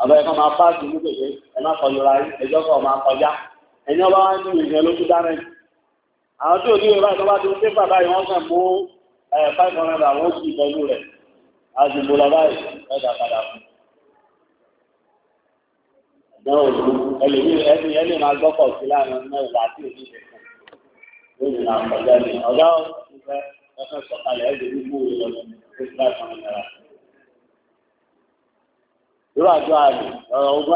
àwọn ẹ̀kọ́ máa bá àdúgbò kékeré ẹ má kọjú ra ẹjọ́ kan máa kọjá ẹ̀yìn ọba wa ń dùn ìyẹn lójú dáná yìí àwọn tí ò ní ìrọ̀ àtọ́wá tó ṣe bàbá yìí wọ́n kàn mú five hundred and one kì í pẹ̀lú rẹ̀ àdìbò làbá yìí ẹ̀dà padà fún. ẹ̀dán òdu ẹlẹ́ni ẹni ẹni máa gbọ́kọ̀ sí láàrin mẹ́wàá àti òní ìdẹ̀kùn lórí ìlànà ọ̀gá ni ọ̀gá ọ̀fẹ́ ẹ̀fẹ́ sọ̀kalẹ̀ ẹ̀dẹ̀ gbogbo ìlọ́dún tó ti láti ọ̀nà náírà. irú àjọ àlè ọ̀rọ̀ ogún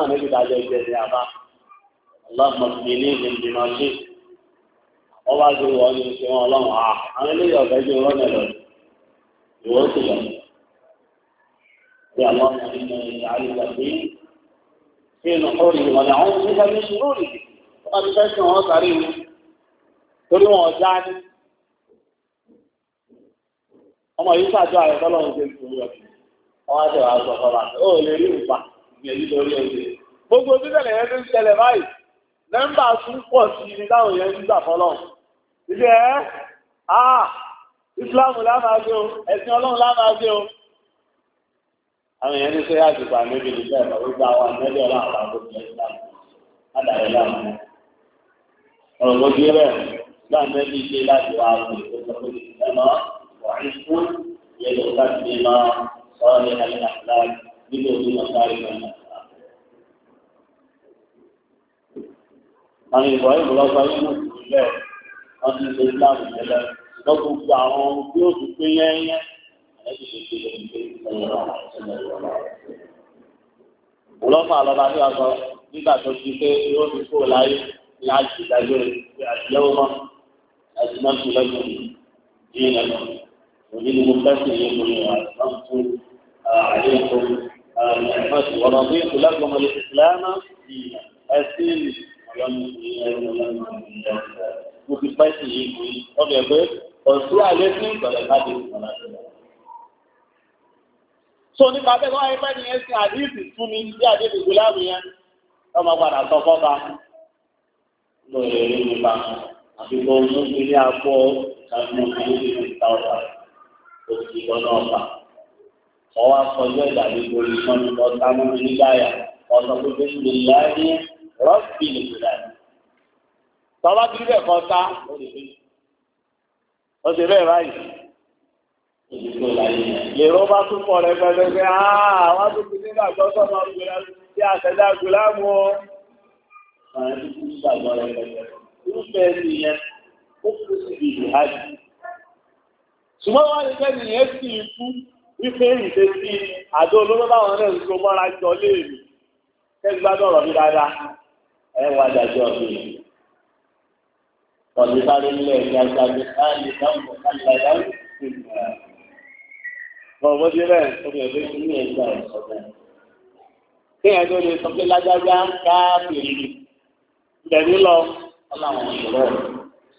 àmì ọba ju wọn ní ìṣe wọn ọlọ́run à ah, àwọn eléyìí ọ̀gá ju wọn lọ ìwọ sì lọ bí àwọn ọmọ nínú ìyá àlùfà sí sí inú kọ́ọ̀lì wọn ni àwọn oníṣẹ́ ní sùúrù rè wọn ti fẹ́ẹ́ sìn wọn sáré mi torí wọn ọjà ní ọmọ yìí ṣàjọ ààrẹ tọ́lọ́run ṣe ìṣòro ọ̀sìn ọwọ́ àti ọ̀hà sọ fọlá ó lè rí ìpa ìgbẹ̀lú lórí ọ̀sẹ̀ gbogbo bíbélì yẹn ló ń ṣẹlẹ̀ báyìí nọ́mbà tún pọ̀ sí i ní táwọn yẹn ń gbà fọlọ́run ilé ẹ́ àà ìsìláàmù lámàájẹ́ o ẹ̀sìn ọlọ́run lámàájẹ́ o àwọn èèyàn ní sẹ́yà àdìgbà níbi ìlú ẹ̀rọ gbogbo àwọn àmẹ́lẹ́ ọlọ́run àwọn àgbègbè ìsìláàmù ládàá ìlànà ọ̀rọ̀ gbogbo rẹ̀ láàmẹ́ ní ilé láti wá àwọn ìgbésọ̀kọ̀ ìsìláàmù wà ní fún yẹlò láti ní máa sọ̀rọ̀ ní alẹ́ àfúláì nínú ojú ọ̀sáàrí náà. àwọn ìwà ìbùlọ́gbà yìí mú ìlú wọn ti ṣe islam ìjẹlẹ lọ́gbọ̀n gba àwọn ohun tí ó ti pé yẹ́yẹ́ ẹ̀sìn ṣe ṣe ṣe ọlọ́pàá àlọ́ba tí a sọ nígbà tó ti pé yóò ti kó láyé ní àjùdájọ́ àjùlẹ́wọ́ mọ́ àjùmọ́tò lẹ́gbọ̀n yìí lẹ́gbọ̀n òní ni mo fẹ́ sí iye mo ní àjùmọ́tò àyẹ̀kọ́ àjùmọ́tò ọ̀rọ̀ bí ìtùlẹ́gbọ̀n mọ́lẹ́ ìsìlámà ẹ̀sìn ọ̀yọ́nù ìyẹn ọ̀yọ́nù ìyẹn ọ̀yọ́nù mo ti yìí kú yìí wọ́n pé ọ̀sùn àlẹ́ sí ìgbàlẹ̀ láti ìgbàlẹ̀ láti so nípa bẹ́ẹ̀ wọ́n ẹgbẹ́ ni ẹ̀sìn àdéhùn tún ní bí àdéhùn gbogbo láàrin yẹn wọ́n máa padà sọ fọ́ba lórí ẹ̀rí nípa àfikún ọdún tó ní apọ̀ ìtàkùn ọdún tó ní ta ọ̀pá òsì lọ́nà ọ̀pá ọwọ́ akọjọ́ ìdàgbé lórí ìmọ̀lùmọ́ sámúlù nígbàyà ọ̀sán tó fẹ́ sílẹ̀ láàrin rọ́ọ̀sì nìgbàyà tọ́lá bí bẹ́ẹ̀ kọ́ sá ó lè fi ó ṣe bẹ́ẹ̀ báyìí. Èrò bá tún pọ̀ rẹ̀ pẹ̀lẹ́pẹ̀ áá wá tó fi nígbà tó sọ̀rọ̀ àgbèrè tí àtẹ̀dá gùlámù o. Irúfẹ́ nìyẹn ó kú sí ìlú hajj. Ṣùgbọ́n wá lè fẹ́ nìyẹn sì kú wípé ìṣe sí àdó olóró báwọn náà ń so mọ́ra jọ léèrè. Kẹ́gbádọ́rọ̀ mi dáadáa, ẹ wá dájọ́ mi. والبخاري الذي قال دم مخلدا في النار فهو جبان سمع باسم الله سبحانه kí ẹ lórí sọ pé lágbájá ń ká pèrè bẹ̀rù lọ ọlọ́run ìṣòro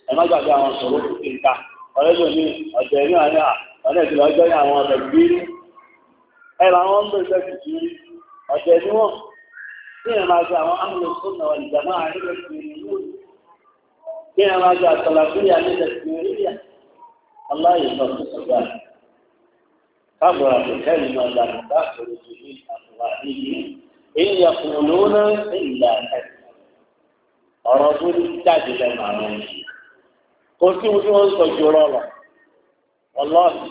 ẹ má gbàgbé àwọn ìṣòro tó ti ń ta ọ̀rẹ́ ọ̀jẹ̀ ní àná ọ̀rẹ́ ìṣòro ọjọ́ ní àwọn ọ̀rẹ́ gbé ẹ là wọn ń bè ṣe kìkì kí ẹ máa gba àtàlàfíà ní nàìjíríà aláìsàn tó sọgbà káàbọ̀ àbùkẹ́ ìlú ọ̀la nígbà tó lè fi àbùwà níbi èyí ọkùnrin lóun náà ń ìlà ẹ̀sìn ọ̀rọ̀ tó ní jáde lẹ́nu àwọn ènìyàn kò sí ohun tí wọ́n ń sọ ju ọ̀rọ̀ lọ ọlọ́ọ̀ni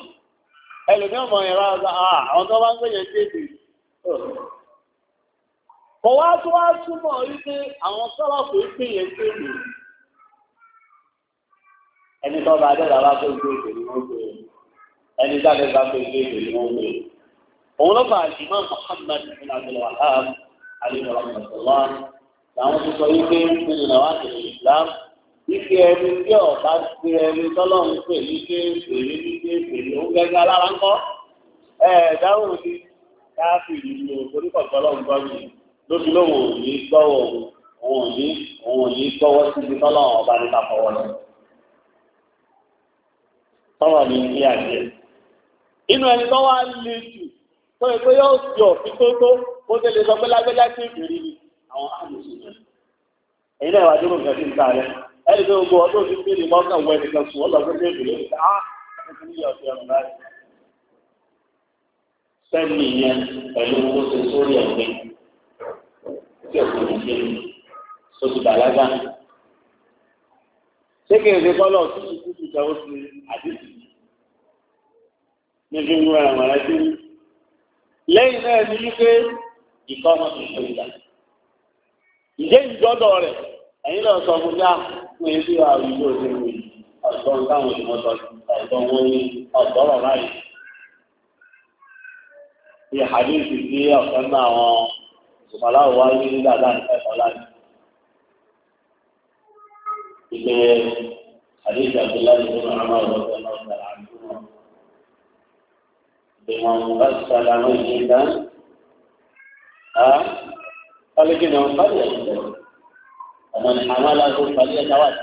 ẹlòmíràn mọ̀ ẹ̀rọ ọ̀sán àwọn tó bá ń gbẹ̀yẹ̀ dédé kò wá tó wá túmọ̀ wípé àwọn sọ́lá ẹni tó bá dẹ́gbà bá tó gbé èdè ni wọ́n gbé ẹni dáadé bá tó gbé èdè ni wọ́n gbé òun ló fà àjùmọ̀ Muhammad bin abdulwahab alayhi wa rahmatulah làwọn tó sọ wípé nínú náà wà tẹ̀lé Islam ike ẹni tí ọba ti ẹni tọ́lọ́run pè ní kéèké ní kéèké ní òun gẹ́gẹ́ alára ń kọ́ ẹ dáhùn ní káfíìnì ní oníkọ̀ọ̀kan ọlọ́run gbọ́ mi lóbi lóhùn òní gbọ́wọ́ òun òní òun òní gbọ́wọ́ síbi tọ́lọ́run ọba níta fọwọ́ lọ tọ́wọ́ ní ilé àjẹ́ inú ẹni tó wá lè jù tó yẹ pé yóò fi òfin tó tó ó ti lè sọ pé lágbẹ́já sí ìbìrì ni àwọn àlùsùn rẹ̀ èyí náà wà dúró nǹkan sí ìta rẹ̀ ẹni tó gbọ́ ọdún ti bí ní mọ́kàn wọ ẹnìkan sùn ó sí ìbìrì ah, ní ká sẹ́ni yẹn pẹ̀lú owó ṣe sórí ẹ̀gbẹ́ ó ti bàlágà sékè ṣe kọ́lọ̀ tí ìkú ti jẹ́ oṣù àdìsí ní fi múra àwọn ẹbí lẹ́yìn náà ní wípé ìkọ́ ọmọ tó ṣe ìgbà ìjẹ́ ìjọ́dọ̀ rẹ̀ ẹ̀yin náà sọ fún yá ah, fún ẹbí wa ìlú òde ìwé ọ̀gbọ́n táwọn ìmọ̀ sọ ọ̀gbọ́n wọn ní ọ̀gbọ́rọ̀ láyé ní àdìsí sí ọ̀kan náà àwọn ìmọ̀láwọ̀ wáyé nígbà láti إذا حديث عبد الله بن عمر رضي الله تعالى عنهما بمن غسل ميتا ولكن من قرية ومن حمله فليتوسع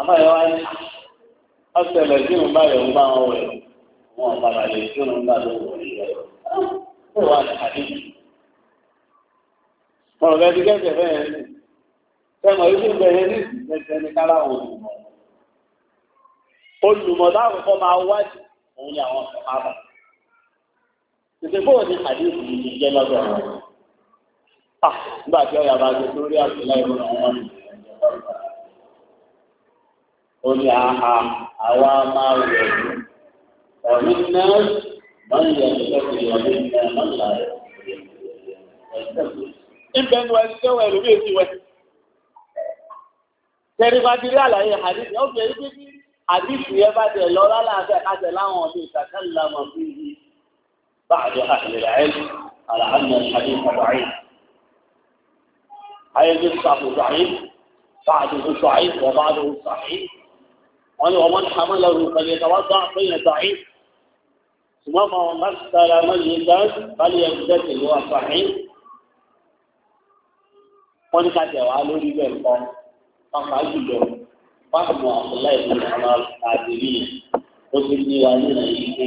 أما يوان أصل الدين ما يوم هو هو ما الدين ما هو هو الحديث. ما هو ذلك كيف Sẹ́mọ̀ yìí bẹ̀rẹ̀ ní ìsìnkẹ́sẹ̀ ní kára olùmọ̀. Olùmọ̀ dáhùn máa wájú òun ni àwọn sọ̀hábà. Tètè bóò ní àdéhùn yìí ti jẹ́ lọ́dọ̀ wọn. À nígbà tí ọ̀yà bá gbé sórí àtìlá ìlú àwọn ó ní àhà àwa máa wẹ̀ ọ̀rí náà máa ń yẹ ìṣẹ́kùn ìyọ̀lẹ́ ìgbà máa ń la ẹ̀. Ìbẹ̀nu ẹni tẹ̀rìbàdìrí àlàyé hadith yẹn ó fi ẹgbẹ́ bí hadith yẹn bá tẹ̀ lọ lálàáfẹ́ káṣẹ láwọn ọdún ìtàkàlà mọ̀ fún yìí báàdì àṣìlẹ̀ ẹ̀ àlàáfẹ́ hadith àbáyé ayé bí sàbù sàyé báàdì bí sàyé wọ́n bá dùn sàyé wọ́n ní ọmọ nàá mọ́lá rú kàlẹ́ tàwa dá fẹ́yẹ̀ sàyé ṣùgbọ́n mọ̀ wọn bá sàrà mọ́lẹ̀ dán balẹ̀ ẹ̀ bẹ́ẹ̀ tẹ̀lé wa sàyé wọ́n ní pàápàá jùlọ fáàmù àbúlá ìlú àwọn àdìrí ó ti ní wa ní nàìjíríà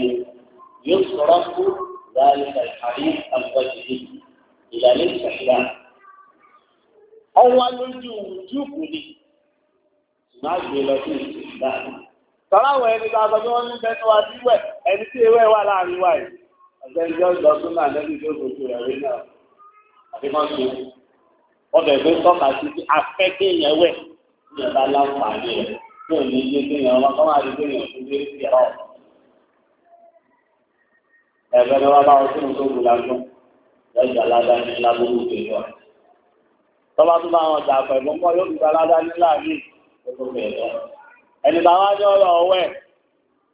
yóò sọ̀rọ̀ fún láàrin àìkárí àgbàjì ìyàlẹ́ ìṣẹ̀lá. ọwọ́ lójú júùkù ni máa gbé lọ sí ìṣẹ̀lá. sọ̀ráwọ̀ ẹni tá a sọ pé wọ́n ní bẹ́ẹ̀ tó wá sí wẹ̀ ẹni tí ewé wà láàrin wa yìí. ọ̀gbẹ́ni jọ́ lọ sún náà lẹ́nu tó gbogbo rẹ̀ rí náà àbí wọ́n ṣe ọbẹ̀ gbé tọ́ka sí afẹ́kẹ́ yẹn wẹ̀ ní ẹ̀ka láǹfààní rẹ̀ tí ò ní ilé kéèyàn wọn kọ́ máa rí kéèyàn tó gbé sí ọ̀. ẹ̀fẹ́ ni wọ́n bá wọn sínú tó gbùlá tó lẹ́yìn aládá lábúrú kéjọ. tọ́ba tó bá wọn jà pẹ̀lú mọ́ yóò gba aládá láàrin tó kéjọ. ẹni bàbá ní ọ̀rọ̀ ọ̀wẹ́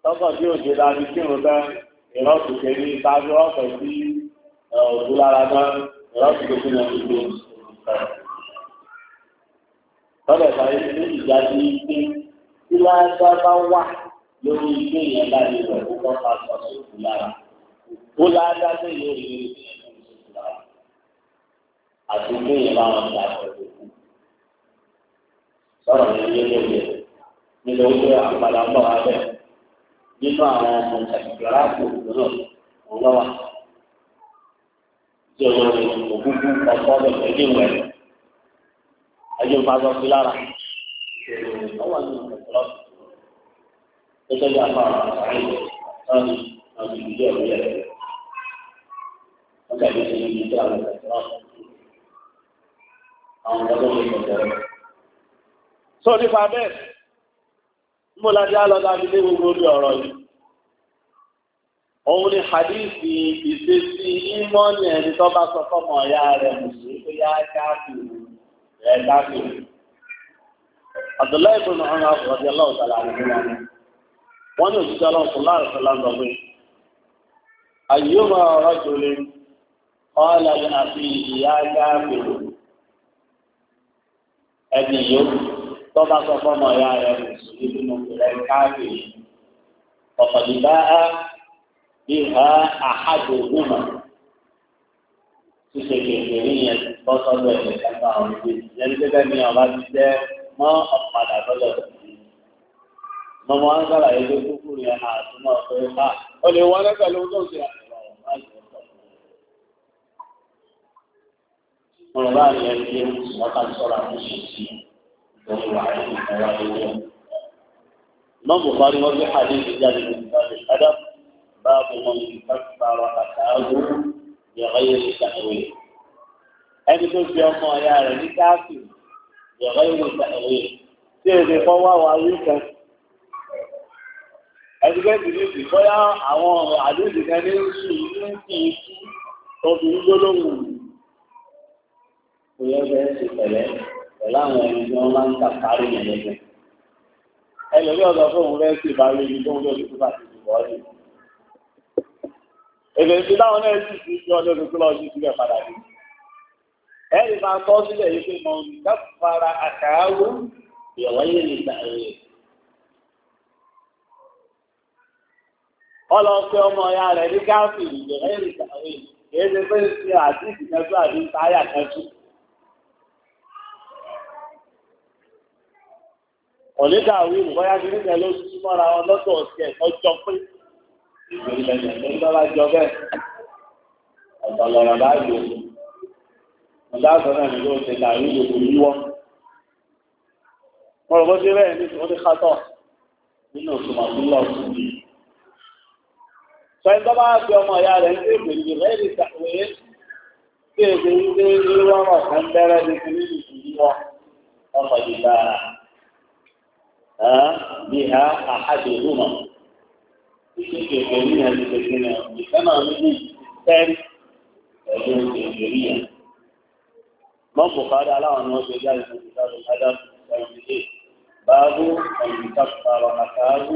tọkọ̀ tí òjò dàbí kírun tán ìrọ́sù kéde ìtajú ọ̀pẹ̀ sí òkú lára tán ìrọ́sù kéde tọ́lẹ̀ báyìí ní ìdájọ́ ike tí láńsá bá wà lórí ike yẹn láti rẹ̀ kó kọ́ máa sọ sóòtù lára ó láńsá sí yóò rí orí ike yẹn lórí sóòtù lára àti ike yẹn máa ń ta ẹ̀rọ kù sọ̀rọ̀ ní ilé lóye nínú ojú àpàdà ń bọ̀ wá bẹ́ẹ̀ nínú àwọn ọmọ ìṣàkìlọ́lá kò lọ́nà òun lọ́wọ́ tí olórí òkúkú ọ̀pọ̀ ọ̀dọ̀ pẹ̀lú ìwẹ̀ ẹjọ́ ìfàgọ́ sí lára ọwọ́ ní ìfọ̀lọ́ gẹ́gẹ́ bí apá àárín ọ̀hún àti ìdílé ọ̀rẹ́ rẹ̀ wọ́n kàdé sí ibi tí àwọn ìfọ̀lọ́ àwọn ọ̀dọ́ ní ìfọ̀lọ́ sọ nípa bẹ́ẹ̀ mo láti á lọ láti dé gbogbo orí ọ̀rọ̀ yìí òun ni hadithi ìṣesí ìmọ̀ ní ẹni tó bá sọ fọmọ ọ̀yá rẹ̀ mùsùlùmí tó yá káàkiri ẹ̀ẹ́dáàbò Abdullahi ibn Umar radiyallahu ta'ala anhu wọ́n ní òṣìṣẹ́ ọlọ́sùn láàrín sọ́lá ń dọ̀gbé ayyuma rajulin qala ní àfi ìyá gáàbìrì ẹni yóò tọ́ba ya bọ́ sọ́dọ̀ ẹ̀ nípa àwọn ìwé yẹn ní pé ní ọba ti jẹ́ mọ́ ọ̀padà sọ́dọ̀ mọmọ wọn gbàgbà yẹn tó kúkú ní ẹnà àtúmọ̀ pé má ó lè wọlé pẹ̀lú tó ṣe àtúmọ̀ ọ̀rọ̀ bá yẹn ń gbé ọ̀tá sọ̀rọ̀ àtúnṣe sí ìtọ́jú wà ní ìfọwọ́ ẹgbẹ́. nọ́ọ̀bù bá ní wọ́n gbé àdéhùn jáde ní ìbáraẹ̀ ṣáda báàbù wọn kí pàṣípààrọ̀ àtàwọn yàrá yẹn ti ṣàtúnṣe ẹni tó fi ọmọ ọ̀yà rẹ̀ ní káàkì yọ̀rọ̀ ìwé ìtàwé tí èdè kan wá wá rí kan. ẹni kẹ́sì ní ti bóyá àwọn àdéhùn kan ní oṣù ní kí n obìnrin gbólóhùn. ìyẹn bẹ́ẹ̀ ṣe pẹ̀lẹ́ pẹ̀lú àwọn ẹni tí wọ́n máa ń ta kárí ìrẹsẹ̀. ẹlòmí ọ̀dọ̀ fóun rẹ̀ sì bá rí ibi tó ń lòdì fún àti ìbò ọ̀dọ̀. èdè ìdíláwọn náà ti fi ọdún tuntun lọ sí ìdílé padà dé. ẹ̀rí máa tọ́ sílẹ̀ yìí pé mọ̀ nígbàfara àkàáwó ìwáyé lè gbà rẹ̀. ọlọ́ọ̀fẹ́ ọmọ ya rẹ̀ ní gáàfì ìgbẹ̀rẹ̀ ìgbà ọ̀lẹ́dà mọ́ra wọn ọ̀sẹ̀ ọjọ́ pé jọ bẹ́ẹ̀ ọ̀dáàtọ̀ náà ni ní ẹni tètè náà, ìfẹ́ náà ní ní ẹ̀dùn kèké yẹn mọ́n bùkárí aláwọn ni wọ́n ṣe jáde fún ìdájọ́ ìdájọ́ ìdájọ́ báàbù ọ̀nìkàkùnrin àkàájú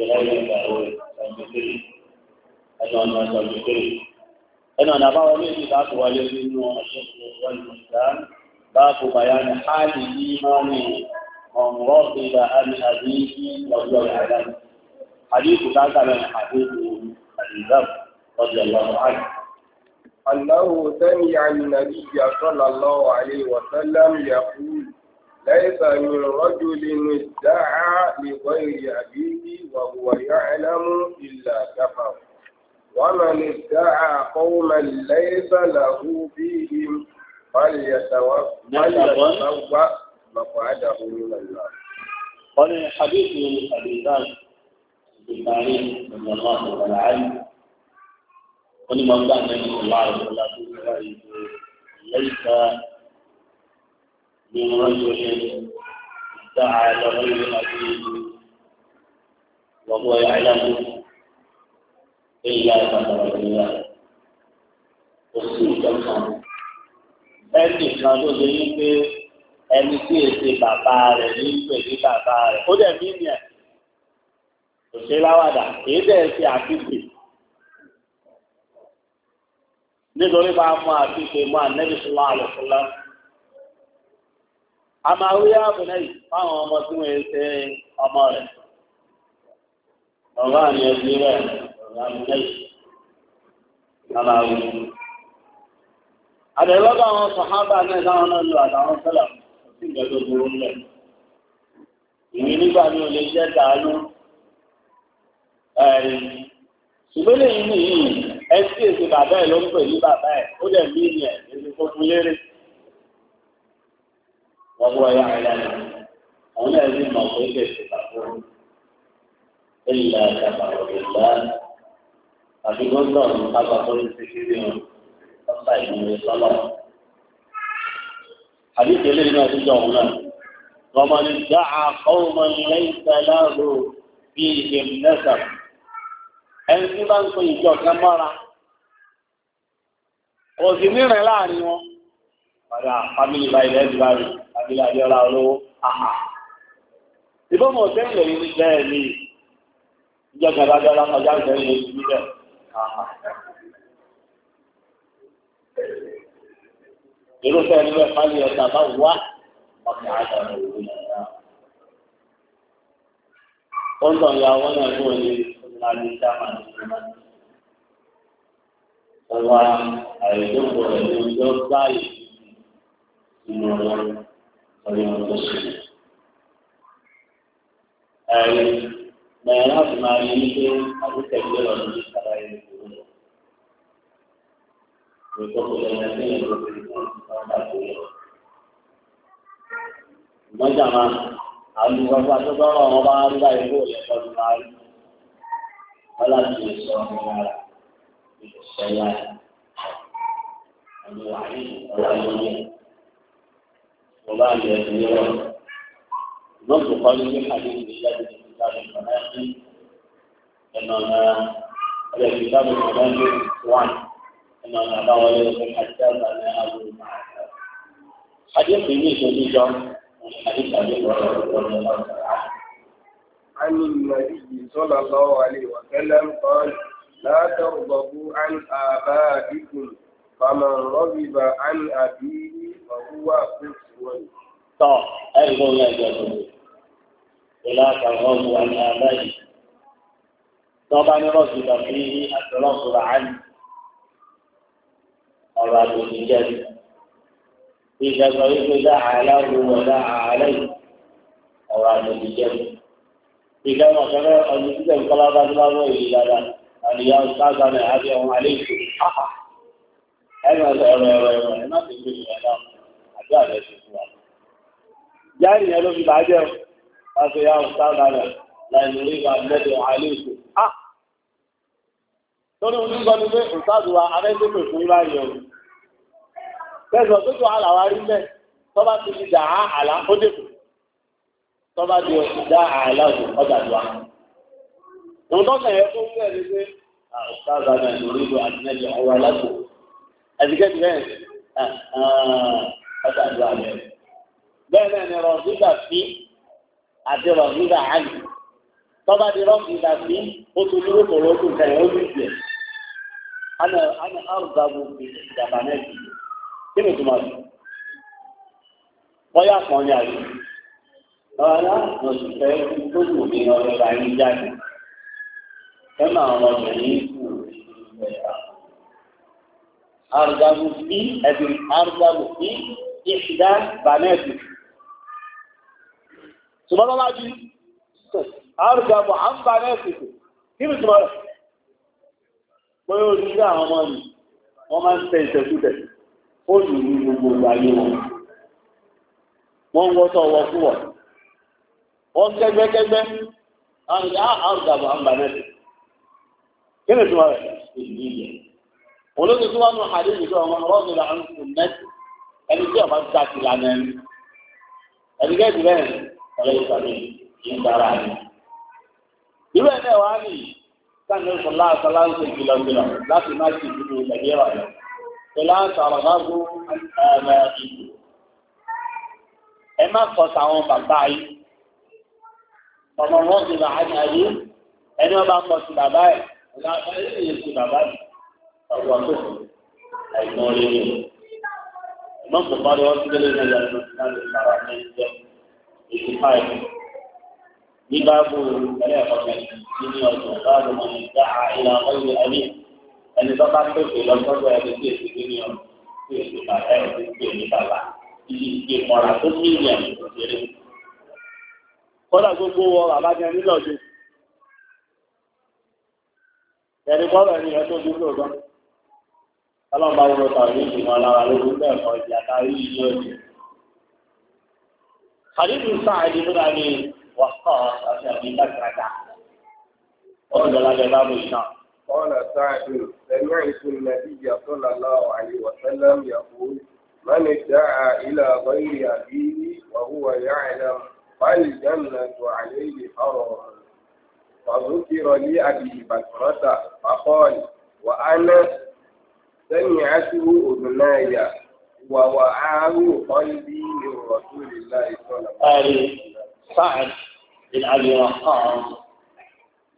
ìrẹ́lẹ̀ ìgbàlódé ìdájọ́ ẹnu ọ̀nà ìdájọ́ ẹnu ọ̀nà àbáwọn méjì láti wọlé nínú ọ̀ṣẹ́ ìwọ̀n ìgbà báàbù bàyánì hálì ìmọ̀ọ́nì ọ̀nrọ́ọ̀bì ìlà àmì àdéhìí lọ́jọ́ ìdájọ́ àdéhìí kùtà أنه سمع النبي صلى الله عليه وسلم يقول ليس من رجل ادعى لغير أبيه وهو يعلم إلا كفر ومن ادعى قوما ليس له فيهم فليتوفى مقعده من النار قال الحديث من أبي ذر معين رضي الله تعالى عنه wọ́n ní máa gbà lẹ́yìn ọ̀la ìṣọ̀lá tó wà ìlú lẹ́yìnká ní wọ́n yọ ní ìdá àìlọ́wọ́ ìlú àti ìlú wọ́pọ̀ àìlọ́wọ́ ìlú àìlọ́wọ́ ìlú òsì ìjọkan kan tó ṣe ní pé ẹni tí èsì bàbá rẹ̀ ní pè ní bàbá rẹ̀ ó dẹ̀ mí nìyẹn òṣèlú àwàdà èyí dẹ̀ ṣe àfihàn nítorí bá mú àtúnṣe mú ànẹ́bí sọlá àlọ́sọlá. a máa wí àbùnẹ́ yìí fáwọn ọmọ tí wọ́n ṣe ọmọ rẹ̀. ọ̀gá ni ẹbí rẹ̀ ọ̀gá àbùnẹ́ yìí a máa wí. àdèrọ́gbà àwọn sọ̀hábà náà táwọn náà lò àtàwọn sọ́là sí ìgbẹ́jọ́ burú lẹ̀. ìwé nígbà mi ò lè jẹ́ dàánú. ṣùgbọ́n lè yí nìyí ẹtí èsì bàbá ẹ̀ ló ń pè ní bàbá ẹ̀ ó dẹ̀ mí ni ẹ̀ èsì tó fún lérè. wọ́n wọ ya ẹ̀yà ni àwọn náà ní mọ̀ pé èsì bàbá ẹ̀ ẹ̀yà ìjàmbá òkè gbá àbí gbọ́dọ̀ nípa bàbá ẹ̀ ti kí ni ọ̀sà ìmúre sọ́lọ̀. àbí kele ní ọdún jọ náà wọ́n mọ̀ ní dáa kọ́ọ̀mọ̀ lẹ́yìn tẹ́lá rò bí ìgbẹ̀mí náà ẹni tí bá ń sọ ìjọ kan mọ́ra kò sí nírìn láàrin wọn padà fámìlì bá ilẹ̀ ti bá rí fámìlì Abíọ́lá olówó àhà ìbọn mọ̀ sẹ́yìn lèyí ní bẹ́ẹ̀ ni ìjọ kan bá Abíọ́lá kọjá sẹ́yìn lèyí ní bẹ́ẹ̀ àhà. irúfẹ́ ẹni bẹ́ẹ̀ fámìlì ọ̀tá bá wà ọkàn àtàwọn òwúrọ̀ yàrá. ó ń tàn ya wọn náà fún ẹni lalu zaman Tuhan itu boleh untuk baik menurut peringatan sini. Eh, merah kemarin itu aku kerja lagi di Sarai itu. Itu boleh nanti yang berbeda pada dia. Macam mana? Aku rasa tu kalau orang baru dah ikut, ya kalau ọlọ́run lè sọ ọmọ lára lè sọ lára àwọn wàhálì ọlọ́run yẹ mo bá lè ẹ̀ ní wọn wọn kò kọ́ ní àdé ìgbésẹ̀ àti ìgbésẹ̀ àti ìgbésẹ̀ ẹnu ọ̀nà ọ̀rẹ́ ìgbésẹ̀ àti ìgbésẹ̀ wọn ẹnu ọ̀nà àbáwọlé ọ̀rẹ́ àti àgbàlẹ̀ àwọn ọmọ àti àdé ìgbésẹ̀ ìjọ àti àdé ìgbésẹ̀ ọ̀rọ̀ ọ̀rọ̀ ọ̀rọ̀ عن النبي صلى الله عليه وسلم قال لا تغضبوا عن آبائكم فمن رغب عن أبيه فهو كفر طب أيضا لا يجوز ولا تغضبوا عن آبائكم طبعا رغب فيه التنصر عنه ọ̀rọ̀ àtòkè jáde. Ìjàgbọ́ yìí pé dáhà aláwo wọ̀ dáhà aláì ọ̀rọ̀ إذا مثلا المسجد القلادة الله إلى ذلك أن يا أستاذنا هذه عليكم حقا أنا أنا ما تقول أنا أجاب جاري يلو في بعجر قال يا أستاذنا لا نريد أن ندعو عليكم حقا torí onígbọ́ ni pé òṣàdù wa abẹ́sẹ̀pẹ̀ fún ibà yọ ọ́ tẹ̀sán tó tó àlàwárí mẹ́ tọ́ba ti di dàá àlá ó dẹ̀kùn tọ́ba di oṣù dá àìlá òjò ọjà lọ. Wọ́n tọ́ka ẹ̀ fún ilé ẹ̀rí pé àṣàbà náà lórí ìlú àtìlẹ́yìn ọwọ́ alágbò. Àdìgẹ́ ti bẹ́ẹ̀ ọjà lọ àlẹ́. Bẹ́ẹ̀ náà ni Rọ̀bígà fi àti Rọ̀bígà àlè. Tọ́ba di Rọ̀bígà fi ó tún dúró kòrò ó tún kẹ̀yìn ó tún jẹ. Ana ana arúgbó agbóhùn ìjàmbá náà jù. Kí ni ìtumọ̀ sí? Wọ́n yà kàn ní àyè ọ̀la oṣù fẹ́ tó wù mí ọ̀rẹ́ bá yín jáde ẹ máa wọn lè ní kú ìgbẹ́ta. Arúgbó bí ẹbí arúgbó bí ìṣìdá bàmẹ́ẹ̀tì. Ṣùgbọ́n bá ju arúgbó à ń bàmẹ́ẹ̀tì kù kí ni tùmọ̀ rẹ̀? Pé oríṣi àwọn ọmọ mi, wọ́n máa ń tẹ ìṣẹ̀kútẹ̀, ó ní gbogbo ayé wọn. Wọ́n ń wọ́tọ̀ wọ́n kẹ́gbẹ́kẹ́gbẹ́ àǹdà àǹdàbọ̀ àǹbàmẹ́sì kí ni tí wọ́n rẹ̀ ìdíyẹ olóòtú tí wọ́n nù hàdí ìjọ ọmọ rọ́ọ̀dù là ń sùn mẹ́sì ẹni tí ọba ti dàtí lànà ẹni ẹni kẹ́ẹ̀dì bẹ́ẹ̀ bàbá yìí ọmọ wọn ti là á ní ayé ẹni wọn bá kọ sí bàbá ẹ ọgá ẹni yìí sí bàbá ẹ ọgbà tó kù àìmọ rere ọmọ kò bá lọ sí délé náà yàtọ̀ láti sára ní ẹgbẹ́ eighty five ní báàbò ẹlẹ́ẹ̀kọ́kẹ́ nínú ọ̀sán báàbò mọ̀ ní ìjà àìlà ọ̀yẹ ẹni ẹni tó bá pèsè lọ́sọ́dọ̀ ẹni tí èsì kí ni ọ̀sán tí èsì bàbá ẹ̀ ti gbé ní bàbá ìdí ìgbé mọ́ra kọ́dà gbogbo wọ bàbá jẹ nílọ́dún ẹni bọ́ọ̀lù ẹni yẹn tó dúró lọ́dún ọlọ́run bá wúlò tàbí ìgbìmọ̀ alára lórí bẹ́ẹ̀ kọ́ ìdí àtàrí ìlú ọ̀dẹ̀ Àdìsí sáàdì ló dàbí wàkọ́ àti àbí kàkàkà. Wọ́n lọ lábẹ́ bá mi sàn. قال سعد سمعت النبي صلى الله عليه وسلم يقول من ادعى إلى غير وهو يعلم فالجنة عليه حرام فذكر لي أبي بكرة فقال وأنا سمعته أذناي ووعاه قلبي من رسول الله صلى الله عليه وسلم سعد بن أبي وقاص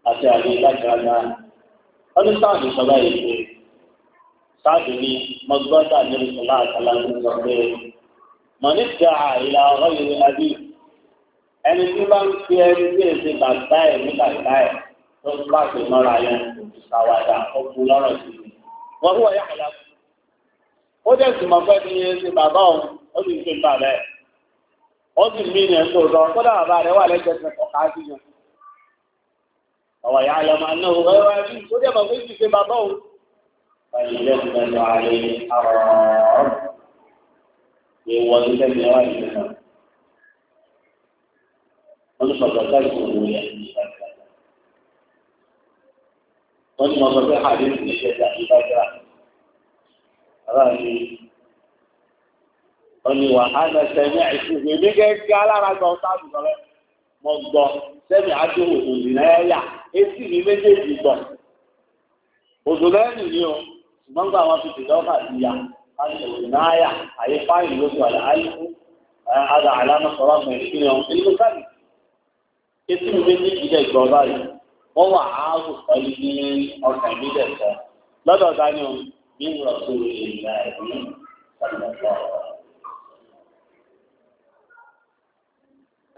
أتى أبي بكر قد سعد صديقه سعد بن مضبوط النبي صلى الله عليه وسلم من ادعى إلى غير أبي ẹni tí bá ń fi ẹni tí èsì bàtà ẹ̀ ní bàtà ẹ̀ tó ń bá fi mọ́ra yẹn kò sàwádà ó kú lọ́rọ̀ sí i. wọ́n wọ̀ yá àyà kù. ó dẹ̀ sì mọ̀ pé kí ni èsì bàbá òun ó sì ń fi bà rẹ̀. ó sì mí yẹn tó lọ kódà bàbá rẹ̀ wà lẹ́gbẹ̀ẹ́ ọ̀ká sí yẹn. ọ̀wọ̀ yà á máa ná òwe sí i tó dẹ̀ bàbá wọ́n ní bàbá báyìí kò wọ ìyá ìgbà ìgbà wọ́n ní bàbá bẹ́ẹ̀ hà nínú ìṣẹ́ sẹ́mi àìsíwèé ní gẹ́gẹ́ alára gbọ́ sáàbù sọ́lẹ̀ mọ́ gbọ́ sẹ́mi àti òògùn náírà etí mi méjèèjì gbọ́ òògùn náírà ni o ṣùgbọ́n gba àwọn tuntun lọ́kà ìyá àtòògùn náírà àyè fáìlì lóṣù àlàáyé fún àdà àlámọ̀ sọ́lá mẹ́rin kí ni etí mi méjèèjì dẹ̀ gbọ́ báyìí wọ́n wà á wò pẹ̀lú ní ọkàn mi dẹ̀ sọ lọ́dọ̀ dání o mi ń lọ sí ìlà ẹ̀mí sàlùmọ́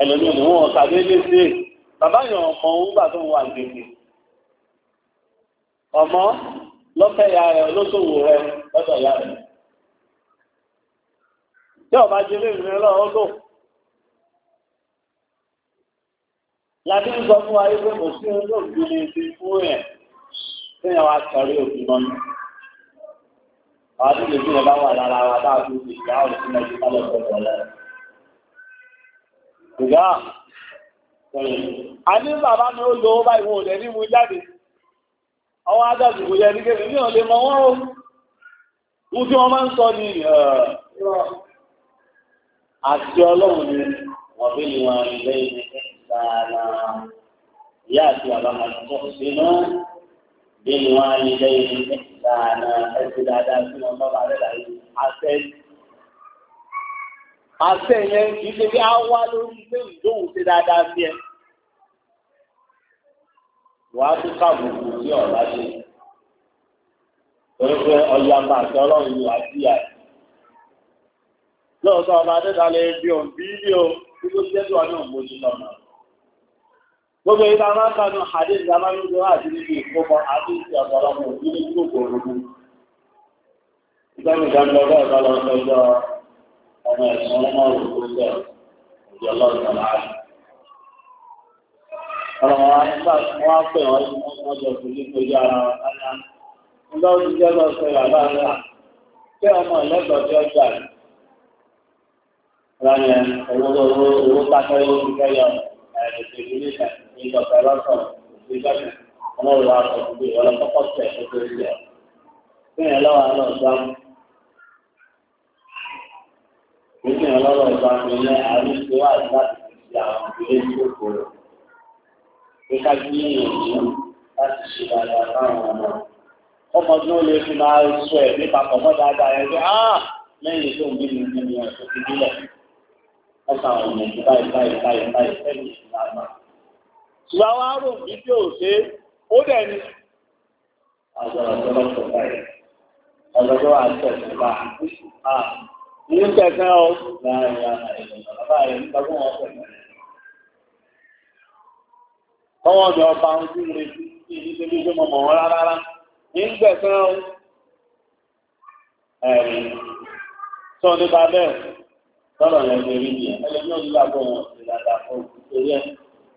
ẹlòmíràn ni wọn ọ̀sà déédéé sí bàbá yẹn ọmọ ògbà tó ń wà gbèsè ọmọ lọ́fẹ̀ẹ́ ya rẹ̀ olóṣòwò rẹ̀ lọ́dọ̀ ya rẹ̀ tí ọba jẹ́ lè rìn lọ́wọ́ lò. láti ń sọ fún wa yóò kò sí ohun tó gbé ní ti fún yẹn tí yẹn wá sọrí òfin mọ́ ní. àwọn tó lè fi yẹn bá wà lára wa tá a fi ti gbà ó sí ẹjú kálọ̀ pẹ̀lú ọ̀lẹ́. ìgbà a ní bàbá mi ó lo bá ìwọ̀n òdẹ ní mu jáde ọwọ́ adájú kò yẹ ní kéde ní ọ̀lẹ́ mọ wọ́n o. mo tí wọ́n máa ń sọ ní àti ọlọ́run ni wọ́n fi lè wọn ilé ìdíje. إحسانا يأتي على ما تحسن بالوالدين إحسانا أجد هذا كما مر على العلم حسن حسن يعني كيف أول من دون سدادة فيه wàá tún káàbùkù sí ọ̀la ṣe. Torí pé ọ̀yà máa ṣe ọlọ́run ìlú àti àì. Lọ́ọ̀tọ́ ọba Adéta lè bí òun bí o, bí ló jẹ́ tó wà ní òun mojú lọ́nà gbogbo ìta máa ń kanú àti níbi ìkópa àti ìsì ọ̀pọ̀lọpọ̀ nínú gbogbo gbogbo ìgbàmù ìdánilọ́gbọ́ ọmọ ẹ̀sùn ọmọ òkú jẹ́ ìjọba ìjọba àti ọ̀rọ̀ wọn pè wọ́n wọ́n jọ fún ní ara wọn lánàá nígbà tí jẹ́ lọ sí ìlà láàárọ̀ pé ọmọ ìlẹ́gbọ̀ọ́ ìgbàgbọ́ lásán òfin gbàgbé ọlọ́run wa sọ pé ìwọlọ́ kọ́kọ́ tẹ̀ ó tó ṣe ọ́. Bẹ́ẹ̀ lọ́wọ́ àná ìgbàmù. Ìgbà ìlọ́wọ́ ìgbàmù ilẹ̀ àárín ìṣe wà láti fi àwọn ìdílé tó kòrò. Ìka gbìyànjú láti ṣe dáadáa fáwọn ọmọ. Ọmọ tí ó lè fi máa sọ ẹ̀ nípa pọ̀mọ́ dáadáa yẹn pé áà lẹ́yìn tó ń bí mi ní ọ̀sẹ̀ ti bílẹ̀. Ọ̀sán ọ̀nà ìbáyìí báyìí báyìí báyìí fẹ́ẹ̀ ìwà wa rò ní tí ò ṣe ó dẹ̀ ní tẹ̀sán ọ ọ̀dọ̀ ọba ń kú mi sí ibi tó lójú mọ̀mọ́ wọn rárá ní gbẹ̀sán ọ. ẹ̀rí sọ nípa bẹ́ẹ̀ lọ́rọ̀ yẹn rí ni ẹlẹ́ni ò ní wọn ìlànà fún ìṣeré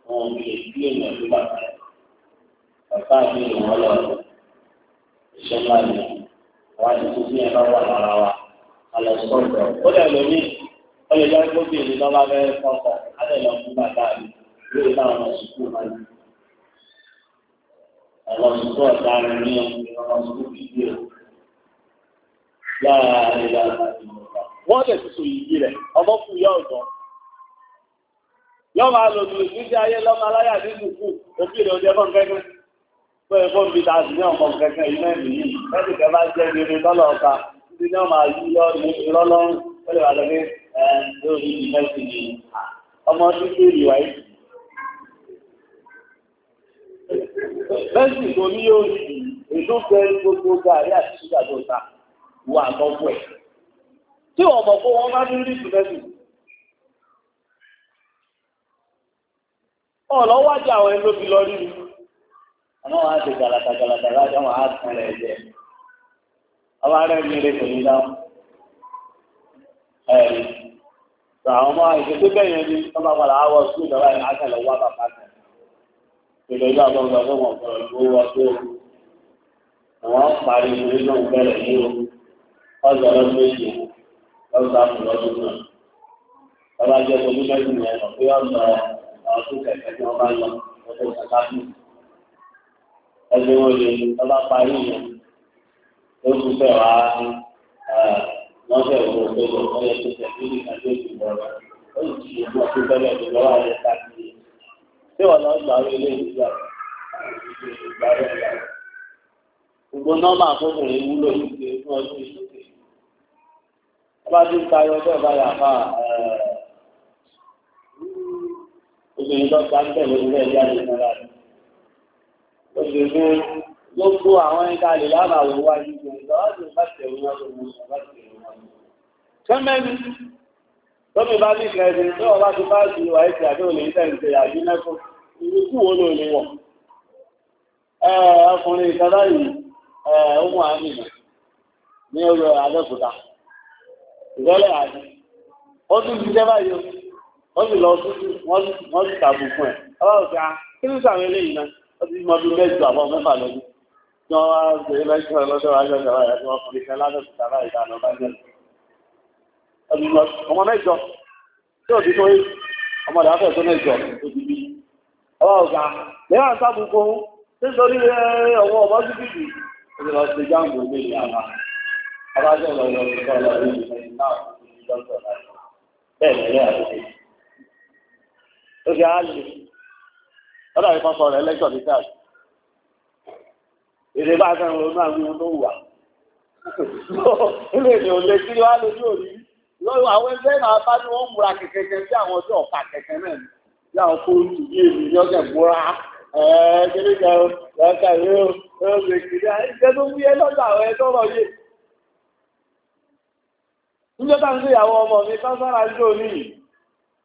wọn ò lè bí ló bá fẹ́. Bàbá mi ò wọ́n lọ rẹ̀. Iṣẹ́ ńlá ni wọ́n á ti bí ẹ bá wà lára wa. Àlọ́ sọ̀rọ̀. Ó lè lò ní ó lè jẹ́ kóbi èdè tó bá fẹ́ sọ̀kọ̀. lọ fún bàbá mi lórí táwọn ọmọ sùkúù máa ní. Àwọn sùkúù ọ̀dà rẹ̀ ní ọmọ sùkúù kìí o. àlejò àgbà ti mọ̀ wọ́n lè tuntun yìí rẹ̀ ọmọ fún yá ọ̀dọ́ lọ́wọ́ alòdùlù níṣẹ́ ayé lọ́mọ aláyà ní ìdùkú òbí rẹ̀ ọjọ́ fọ́n kẹ́kẹ́ pé ẹ̀fọ́ ń bi ta sí ní ọmọ kẹ́kẹ́ iná ẹ̀mí yìí lẹ́sì kẹ́ bá jẹ́ rere lọ́lọ́ ọ̀ta títí ní ọmọ ayé yọ ní ìrọ́lọ́run ó lè wà lọ́gbé ẹ̀ lórí ìmẹ́sì ni ọmọ títí ìwà yìí. mẹ́sì kò ní yóò rí èdò fẹ́ gbogbo gàrí àti ṣúgà tó ta wà lọ́gbọ̀ ẹ̀ tí ọmọ kó wọn bá ní rí ìmẹ́sì ọ̀lọ́ wájú àwọn ẹni ló fi lọ rí mi. àwọn wa ti gàlàtà gàlàtà láti àwọn àtúnlẹ̀ ẹ̀jẹ̀. àwọn ará mi rè kò ní dáhùn. ẹ̀rí àwọn ọmọ ìṣètò bẹ́ẹ̀ yẹn ni wọ́n bá padà áwọ̀ sùkúl ìjọba yẹn àkàlẹ̀ wá bàbá kan. ìlú ìlú àbọ̀ ọ̀gbọ̀n tó wọ̀n fọ̀rọ̀ ló wọ́ tó wọ́n parí ìwé náà bẹ̀rẹ̀ ní o ọjọ́ lọ́dún méje lọ́dún àpò lọ́dún náà. bàbá jẹ́ ọdún kẹ̀kẹ́ tí parí yẹn ó tún fẹ́ wá wọ́n fẹ́ wọ ọdún tó wọ́n yẹ kó tẹ̀ sí ní ìdájọ́ ìdìbò rẹ̀ ó sì ti ṣe ọdún tó bẹ́ẹ̀ lọ́wọ́ àyẹ̀ tí wọ́n lọ gbà wọ́n ilé ìgbà gbogbo nọ́mbà àkókòrin wúlò ìgbè fún ọdún ìṣòkè. ọba tí ń parí ọjọ́ ìbáyà fáà ẹ̀ẹ́ obìnrin bá tẹ̀wé wọn ẹ̀sìn tó ọba ti bá ti wà ẹ̀sìn àti olè ìtẹ̀ ìtẹ̀ àbí ìrúkú wo ló lè Ọkùnrin ìkadá yìí ọmọ àmì ní ọ̀rọ̀ Abẹ́òkúta ìrọ̀lẹ́ àti ó tún ti jẹ́ báyìí wọ́n sì lọ sójú wọ́n sì tàbù fún ẹ̀ aláwọ̀ sí a kí ló sàwọn eléyìí náà wọ́n ti mọ bí mẹ́jọ àbọ̀ mẹ́fà lọ́dún tí wọ́n wá gbèrè lẹ́jọ́ lọ́dọ̀ wájú ọ̀dọ̀ wáyà tí wọ́n fi kan ládọ̀tí tàbá ìdáná bá jẹ́ ọmọ mẹ́jọ tí ò ti tó ọmọ ìdáfẹ́ tó mẹ́jọ tó ti bí aláwọ̀ sí a fún nítorí ọwọ́ ọmọ síbìtì ó ti lọ ó fi ọ̀dọ̀ àyíkọ́ sọ rẹ̀ lẹ́jọ́ ní sáà èdè bá fẹ́ràn lónú àwọn ohun tó wà ilé ìdè òde tí wàá lójú òní lọ́wọ́ àwọn ẹgbẹ́ máa bá ní wọ́n múra kẹ̀kẹ́ sí àwọn ọjọ́ ọ̀pá kẹ̀kẹ́ náà ni bí àwọn kóòtù bí èmi ní ọ̀sẹ̀ múra ẹ̀ẹ́dẹ́gbẹ̀rún lọ́sẹ̀ yóò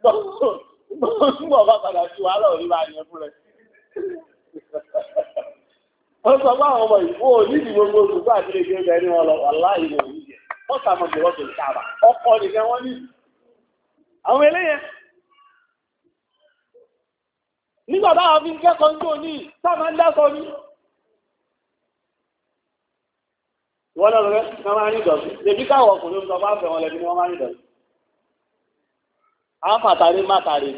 gbọ́ wọ́n sọ fún ọmọ ìfún òní gbogbo òṣùpá àti lè gbé ẹni wọn lọ wà láàyè wọ́n sàmọ̀ bí wọ́n tó ń sábà nìkan wọ́n ní. àwọn eléyẹn nígbà táwọn fi ń kẹ́kọ̀ọ́ ní sábà máa ń rí àwọn mátàrí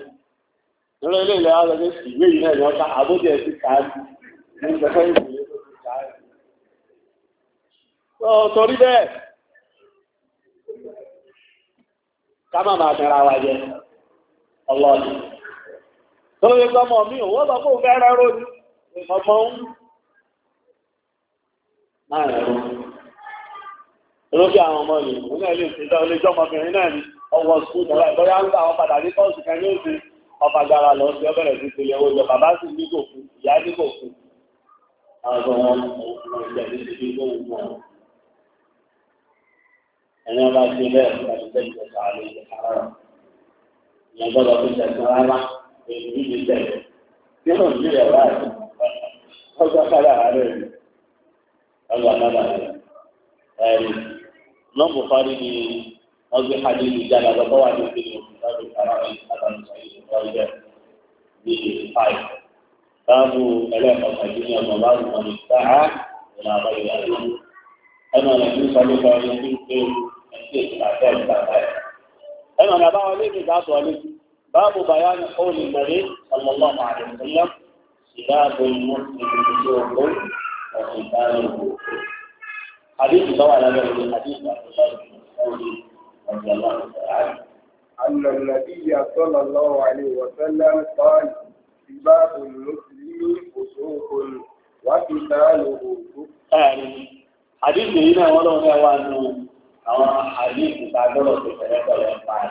lórí ilẹ̀ àwọn ọ̀rẹ́ ìwé yìí náà ni sí káàdì ní ìgbẹ́fẹ́ ìwé tó bẹ́ẹ̀ ká má máa wa jẹ ọlọ́ọ̀dì. lórí gbọ́mọ mi ò wọ́n sọ rẹ̀ ròdì ọwọ́ sùn tọ́lá ìbọ́yá ń gbà wọn padà ní kọ́ọ̀sì kan ní òfin ọba gbára lọ sí ọbẹ̀rẹ̀ sí ìpele owó ìjọba bá sì ní kò fún ìyá ní kò fún àwọn ọmọ ìjà ní ti fi kó wù wọn. ẹni wọn bá ti bẹ́ẹ̀ láti tẹ́ ìjọba àlè ìjọba rárá ìyẹn gbọ́dọ̀ fi tẹ̀sán rárá èyí ti tẹ̀lé nínú fárí ni. وفي حديث جابر طبعا في كتاب الفرائض حسن سعيد الخالد بالحائط باب علاقة الدنيا مضاد من الساعة إلى غير أدنى أما النبي صلى الله عليه وسلم يسير الأعداء الأعداء أما أنا بقى ليه بعد وليه باب بيان قول النبي صلى الله عليه وسلم سلاح المسلم بشوق وختانه حديث طبعا هذا الحديث عبد الله بن مسعود رضي الله تعالى أن النبي صلى الله عليه وسلم قال سباق المسلم فسوق وقتاله كفار حديث هنا ولو كان àwọn àdéhùn tá a gbọ́dọ̀ tó pẹ̀lẹ́pẹ̀lẹ́ pa ẹ̀.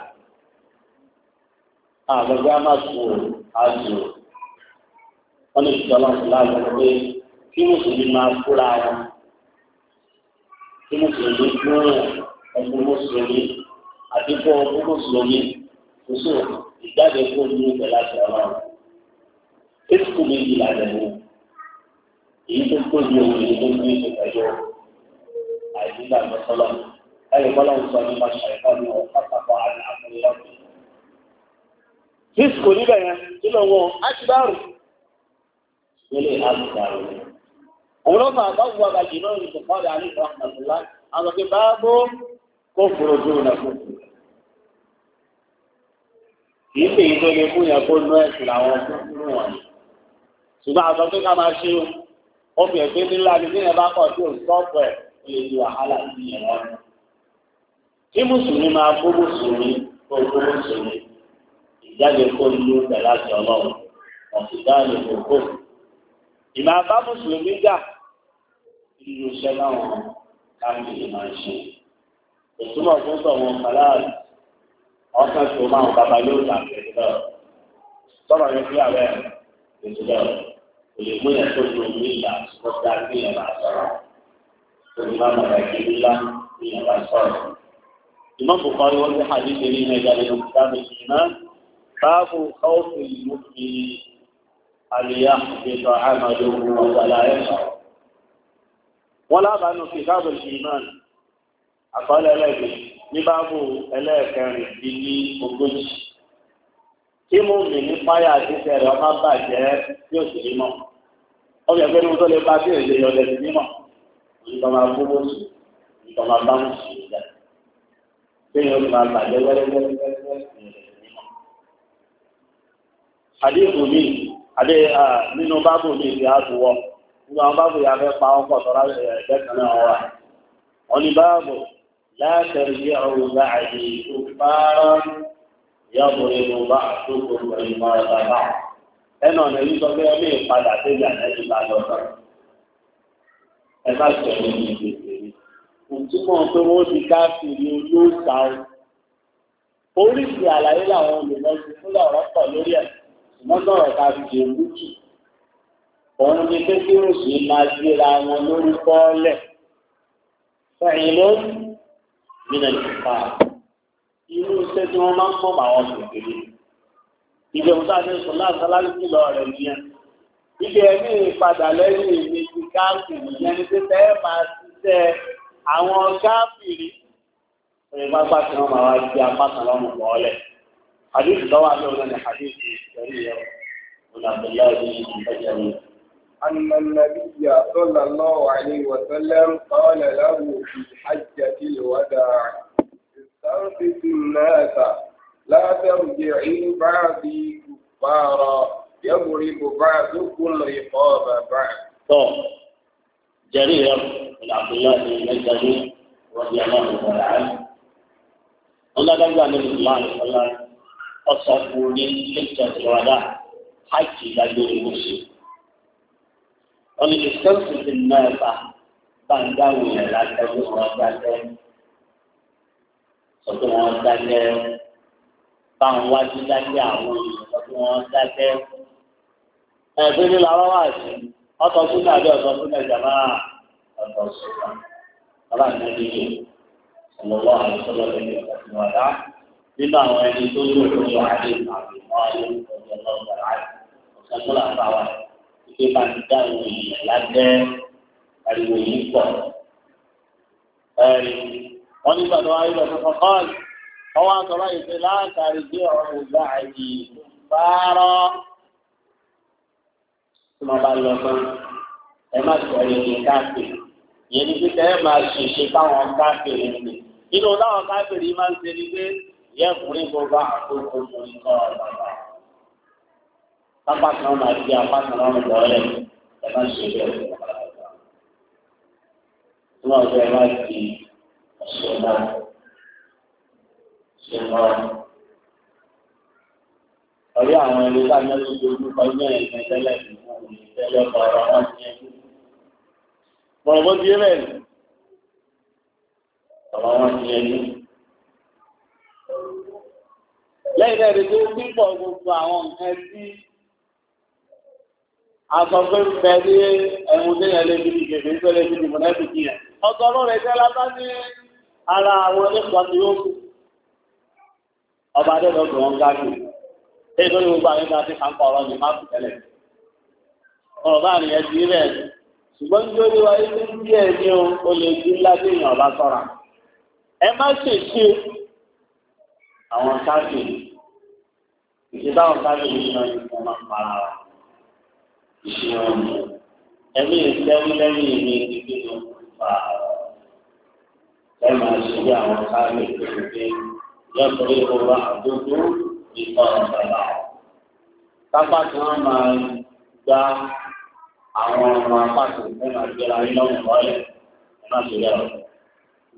àgbẹ̀gbẹ́ amáṣu àjò wọn lè jọ lọ́sùn láàbò pé kí mùsùlùmí máa kúra wọn kí mùsùlùmí kúrò ẹ̀sìn mùsùlùmí àti fún ọdún mùsùlùmí kò sí ìjáde fún ojú ìgbẹ́ láti ọ̀rọ̀ ètùkù méjì làdẹ̀ ní èyí tó kó ju òun èyí tó ní ìṣe pẹ̀lú àìsígbà mẹ́sọ́lá ayọ̀ bọ́lá ń sọ nípa ṣàìkà ní ọ̀pá pàpọ̀ àti àkùnrin Fíìsì kò níbẹ̀ yẹn kí ló wọ́n á ti bá rù. rẹ̀. Òun ló fà bá wù àgbàjì náà ní Bùkọ́lì Alif Rahmatullah. Àwọn kí bá bó kó fòrò náà fún kìí ṣe yìí tó lè fún yẹn kó nú ẹ̀sìn làwọn fúnfún wọn. ṣùgbọ́n àtọ́ pé ká máa ṣe ó fi ẹ̀gbẹ́ nílá ni níyẹn bá kọ̀ sí òṣìṣọ́pù ẹ̀ ó lè di wàhálà sí yẹn lọ. kí mùsùlùmí máa kó mùsùlùmí kó kó mùsùlùmí ìjáde kó nínú pẹ̀lú àti ọlọ́run ọ̀sìdá lè kó kó. ìmọ̀ àbá mùsùlùmí jà nínú iṣẹ́ náà káàkiri máa ń òtúmọ̀ fún sọ̀wọ́n kàláàlú ọ̀sán tó máa ń bàbá yóò ta ìṣẹ̀dá sọ̀rọ̀ yẹn fi àwẹ̀ ìṣẹ̀dá kò lè mú yẹn tó lò ní ìlà ọ̀sán tí yẹn bá sọ̀rọ̀ tó ní máa bàbá ìṣẹ̀dá ńlá tí yẹn bá sọ̀rọ̀. ìmọ̀ bùkọ́ ni wọ́n ti hà ní ìṣẹ̀lẹ̀ ní ẹja nínú kíkàmì ìṣìná báàbù ọ̀sùn ìlú fi àlìyá ìṣẹ̀dá àmàlò ọ̀gbàlà ẹ̀ wọ́n lábàánú kíkàmì ìṣìná àkọọ́lẹ̀ ẹlẹ́gbẹ̀ẹ́ ní báàbò ẹlẹ́ẹ̀kẹrin ti ní ogójì tí mo mì ní fáyà títẹ̀ rẹ̀ ọmọ bàjẹ́ tí ò sì ní mọ̀ ọbẹ̀ pé mo tó lè bá tí èdè ọdẹ sí mímọ̀ nígbà máa gbówó sí nígbà máa bá wọn sí ìjà tí yóò máa bàjẹ́ wẹ́rẹ́wẹ́rẹ́wẹ́rẹ́ mímọ̀. àdéhùn mi àdé nínú báàbò mi ti àtúwọ̀ nígbà wọn báàbò yà fẹ́ pa ọkọ̀ tọ́ra ẹ̀ẹ́dẹ́gbẹ̀rún ọ̀wà wọn ni báàbò. لا ترجعوا بعدي كفارا يضرب بعضكم عمارة بعض أنا نبي yìí sọ pé ọmọ ìpadà tẹ́lẹ̀ àtẹ́jú bá lọ sọ ẹ bá sọ̀rọ̀ ní ìgbésẹ̀ mi kò túmọ̀ pé wọ́n ti ká sí ní olóòtà o oríṣi àlàyé làwọn olùmọ̀ọ́sí fún lọ́rọ̀ pọ̀ lórí ẹ̀ ṣùgbọ́n lọ́rọ̀ ká fi ṣe mújì òun ni pé kí òṣì máa gbéra wọn lórúkọ lẹ̀ fẹ̀yìn lónìí nínú ìfipá irú iṣẹ́ tí wọ́n máa ń pọ̀ àwọn kékeré ìjọba tá a ti sọ láti aláàbí lọ rẹ̀ nìyẹn ibi ẹ̀mí ìpadà lẹ́yìn èmi ti káàkiri ìyẹn ni pé ẹ máa ṣiṣẹ́ àwọn káàkiri ẹ̀rọ pápá tí wọ́n máa wá di apá kan lọ́mọ bọ́ọ̀lẹ̀ àdéhùn lọ́wọ́ àlọ́ náà ni àdéhùn ìṣẹ́yìn yẹn wọn àbẹ̀lẹ́ ọdún ìṣẹ́yìn أن النبي صلى الله عليه وسلم قال له في حجة الوداع استنصت الناس لا ترجعي بعدي كفارا يضرب بعضكم رقاب بعض. طيب. جرير بن عبد الله بن مجدد رضي الله تعالى عنه صلى الله عليه وسلم أصحابه من حجة الوداع حجة لا ìdájọ́ ìwòsàn. ọ̀nà ìṣẹ́kù ti ná ẹ̀fà bá ń dáwò yẹn látẹ̀wé wọn dájẹ́ sọ pé wọ́n dájẹ́ bá ń wájú dájẹ́ àwọn sọ pé wọ́n dájẹ́ ẹ̀fẹ́ ní làwọn wà sí ọ̀tọ̀ sún náà bí ọ̀tọ̀ sún náà jàmbá ọ̀tọ̀ sún náà bàbá mi ní ìlú ọ̀lọ́wọ́ àwọn sọ́lọ́ lẹ́yìn ọ̀tọ̀ sún wọn dá nínú àwọn ẹni tó lò ó lọ́wọ́ àdéhùn àbí ọ̀hún ọ̀dọ́ ọ̀gbọ̀n àti ọ̀sán tó là ń pé máa ń dá àwọn èèyàn lábẹ́ ariwo yìí pọ̀. wọ́n nígbà tó wáyé lọ fún kọ́ọ̀l wọ́n wá sọ̀rọ̀ ìpè látàrí bí ọ̀rọ̀ ìgbà àyè bárọ̀ tí wọ́n bá lọ fún ẹ má sọ èdè káàkiri yẹn ní pípẹ́ ẹ máa ṣèṣe káwọn káàkiri ní. inú táwọn káàkiri máa ń ṣe ni pé yẹ kùnrin gbogbo àkókò mọ̀ nǹkan ọ̀gbọ̀n pápá kan máa di apá kan lọ́rùn lọ́rẹ̀ ẹ má ṣe bẹ́ẹ̀ fún ọ̀pá àgbà. Níwọ̀n ọjọ́ ẹ má fi ọ̀ṣọ́ náà ṣe mọ́ ọ̀rí àwọn ẹni tá a mẹ́rin tó ń kọ́ ní ẹ̀yìn ẹ̀dẹ́lẹ̀ ìfún òun ìtẹ́lẹ̀ ọ̀rọ̀ wọn ti ẹ̀kú. Bọ̀rọ̀ bó ti ni ọ̀rọ̀ wọn ti ẹ̀kú. Lẹ́yìn náà, èdè tó ń pípọ̀ gbogbo àwọn nǹkan tí asọ̀gbẹ́ bẹ ẹ̀wọ̀n tó yẹn lébi ní kẹfẹ́ tó lébi ní mọ̀lẹ́bí kí yẹn. ọ̀sọ̀ ọlọ́run ẹ̀jẹ̀ ní ara àwọn ẹlẹ́kọ̀ọ́ ti yóò kú. ọba adẹ́dọ̀ tó wọn gáàkì ẹ̀ tó gbogbo àwọn ẹgbẹ́ àti kàńkọ̀ ọ̀rọ̀ ní máàpù tẹ́lẹ̀. ọ̀rọ̀ bá rìn ẹ̀jì rẹ̀ ṣùgbọ́n tí ó ní wáyé tó ń bí o lè dín ládéyìn ẹ̀mí ìsẹ́wí lẹ́yìn ìní ìdílé ló ń fa ẹ̀ máa ṣe bí àwọn káàmì ìpèsè lọ́sọ̀rọ̀ ìrora àdógó ìtọ́ ọ̀sẹ̀lá. Sábà tí wọ́n máa gba àwọn ọmọ apáṣẹ fún àgbẹ̀rẹ̀ ayélujára mọ́lẹ̀ ẹ̀má ṣe yẹ ọ̀.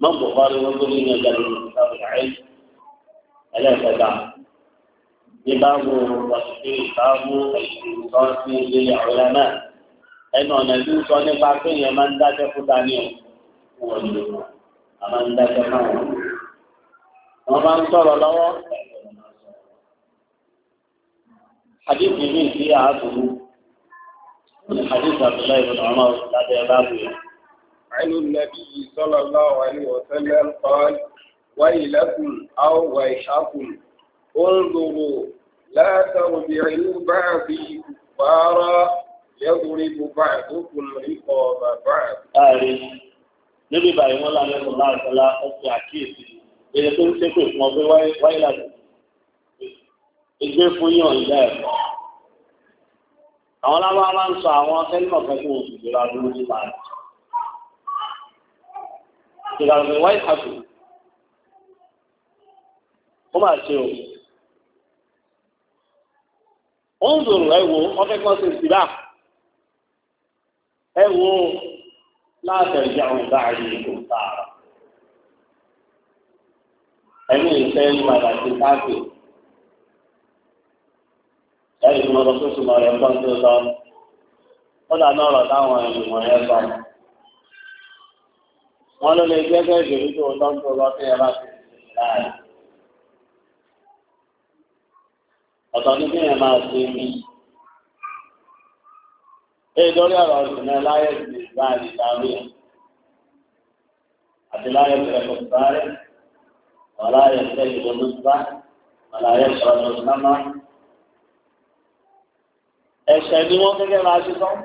Mọ́gbọ̀n bá rí wọ́n tó ní ìyẹn jáde ní ìsáfẹ́ ẹ̀ẹ́dẹ́gbẹ̀ta. باب وصف باب الاستنصاف للعلماء ẹnu ọ̀nà tí ń sọ nípa pé èèyàn máa ń dájọ́ fúta ní ọ̀wọ́ ìlú a máa ń dájọ́ fáwọn wọn máa ń sọ̀rọ̀ lọ́wọ́ hadithi mi ti àásùnú ní hadithi abdullahi ibn umar lábẹ́ báàbù yẹn. عن النبي صلى الله عليه وسلم قال ويلكم أو ويحكم انظروا لا ترجعوا بعدي كفارا يضرب بعضكم رقاب بعض. níbi ìbàyìí wọn lànà ẹnu náà ṣọlá ọsẹ àkíyèsí èyí tó ń ṣépè fún ọ pé wáyé láti ìgbé fún yàn ìdá ẹ àwọn lábá máa ń sọ àwọn akẹ́lẹ́mọ̀ kẹ́kọ̀ọ́ òṣìṣẹ́ wa dúró nípa rẹ̀ ìlànà kàtó ó máa ṣe òun ó ń dòrò ẹ ìsìlá ẹ wo láti rí ìkó sára ẹni ìfẹ́ ìpadà ti káàkiri ẹni tí wọ́n lọ sí ìsúná rẹ̀ tó tó lọ ó dà náà rọ̀ táwọn ìgbìmọ̀ yẹn sọ wọ́n ló lè gẹ́gẹ́ ìgbèríko tó ń tó lọ sí ẹ bá ti ṣe ọ̀tọ̀ ní kí ẹ̀ máa ṣe mí. Ẹ lórí ọ̀rọ̀ ìṣúná láyé ti bá a lè darí ẹ̀. Àti láyé ti ẹ̀kọ́ sáré, ọ̀la ẹ̀ ṣe ìdọ́dún sá, ọ̀la ẹ̀ ṣe ọ̀dọ̀ sámá. Ẹ̀ṣẹ̀ ni wọ́n gẹ́gẹ́ máa ṣe tán.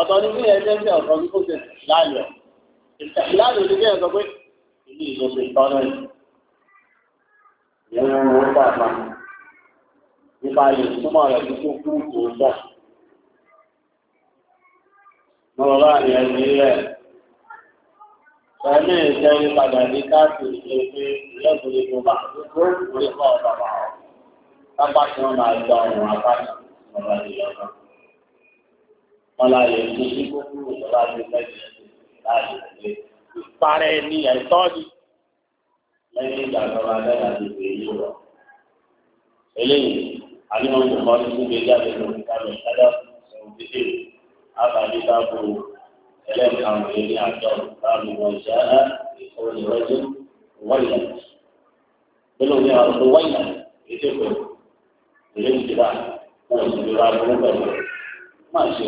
Ọ̀tọ̀ ní kí jẹ́ ọ̀tọ̀ ní kò ṣe láyọ̀. Ìṣẹ̀láyọ̀ ni kí ẹ̀ sọ pé ìlú ìlú ṣe tọ́ Ìyẹn ni wọ́n ń nípa lè túmọ̀ rẹ̀ tó tó kú tó bọ̀. Mọ̀rọ̀ láàrin ẹni rẹ̀. Ẹni ìjẹun padà ní káàkiri ṣe pé ìlẹ́gbẹ̀rẹ̀ tó bá tó orí pa ọ̀dà bá ọ̀. Lápá tí wọ́n máa gba ọ̀run apáṣà ọ̀dà ìyọ̀nà. Wọ́n la lè fi sí kókó ìjọba tó fẹ́jẹ̀ láti ṣe ìparẹ́ ní ẹ̀tọ́ ni. Lẹ́yìn ìgbà tó máa bẹ́ẹ̀ láti ṣe èyí rọ̀. Eléyìí àlùmọ́ ìgbọ̀nmọ́ ní gbogbo jáde ló ń kálọ̀ ìdájọ́ ìṣòro dídè àbàdé dáàbò ẹlẹ́ẹ̀kan rèé ní àjọ láàrin wọn ìṣẹ́ ẹ̀ ìṣòro ìrẹ́jú wáyà nínú ní àwọn tó wáyà ètò ìpè ìlú ìjìlá wọn ò sì lè ra burú pẹ̀lú máa ṣe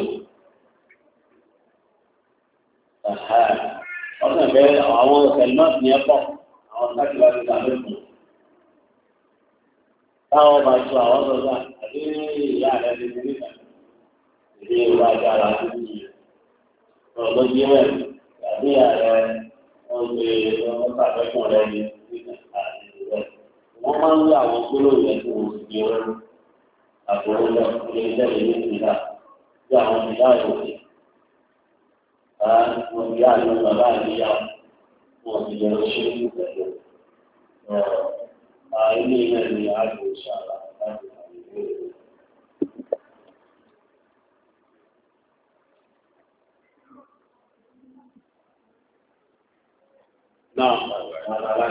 ọ̀hán ọ̀sán bẹ́ẹ̀ àwọn sẹ̀lmọ́ọ̀sì yẹn pọ̀ àwọn sákìlá ti dàbẹ̀ fún un. táwọn bá tu àwọn lọ́gbà a ìyá rẹ̀ dị ní níta ìdí ìwà àjàrà ọ̀dọ́ gbé sàfẹ́kùn rẹ̀ ní àti wọ́n máa ń àwọn gbólóhùn yẹn tó wọ́n àbúrò lọ ilé ìyá bàbá ilé iná ni a lò ṣàrà láti ìwé rẹ̀. Náà, àlàlá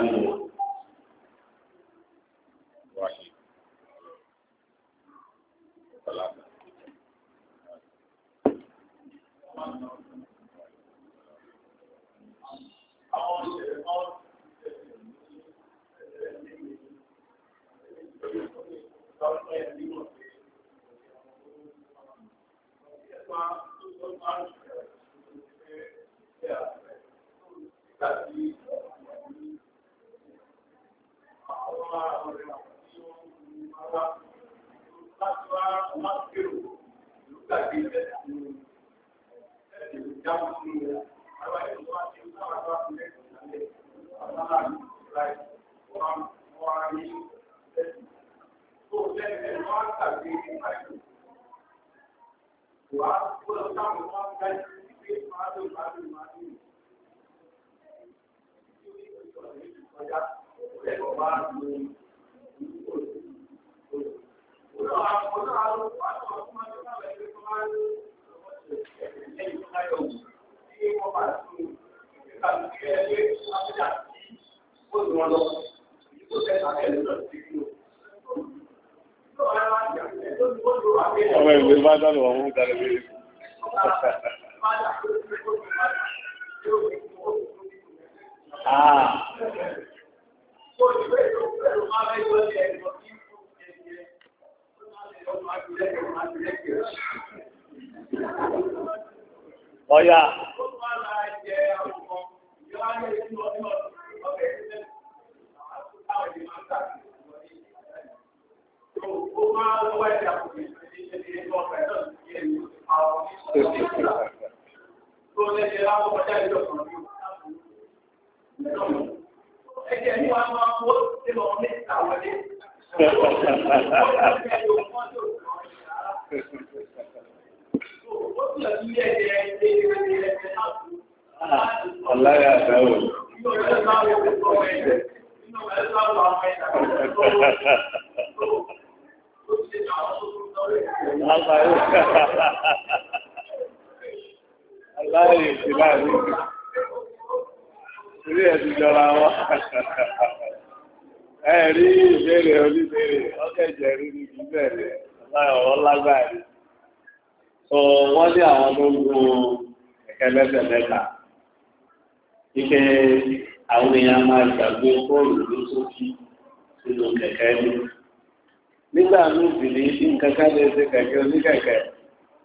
kẹ̀kẹ́ oníkẹ̀kẹ́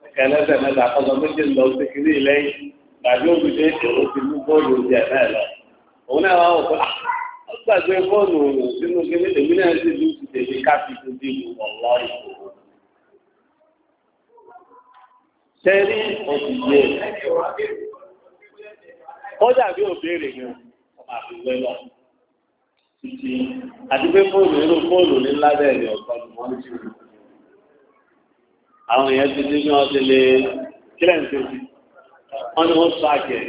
kẹ̀kẹ́ lẹ́sẹ̀ mẹ́ta kọ́sọ́ méjì lọ sí kiri lẹ́yìn tàbí òbíde èrò ti mú bọ́ọ̀lù ojú ẹ̀ náà lọ. òun náà wá wọ̀ pé ah, ó gbàgbé bọ́ọ̀lù sínú kiri èmi náà sì lù sí tèmi káfí tó dé ìlú ọ̀lọ́ ìṣòro. sẹ́rí òsì yé ó dàbí òbéèrè ni ọmọ àfiwé lọ títí fóònù inú fóònù ní lábẹ́ ẹ̀rẹ̀ ọ̀gbọ́n ni wọ́n ti rò. àwọn èèyàn ti ní ní ọdí lè kílẹ̀ ń tóbi wọ́n ni wọ́n sọ àjẹ́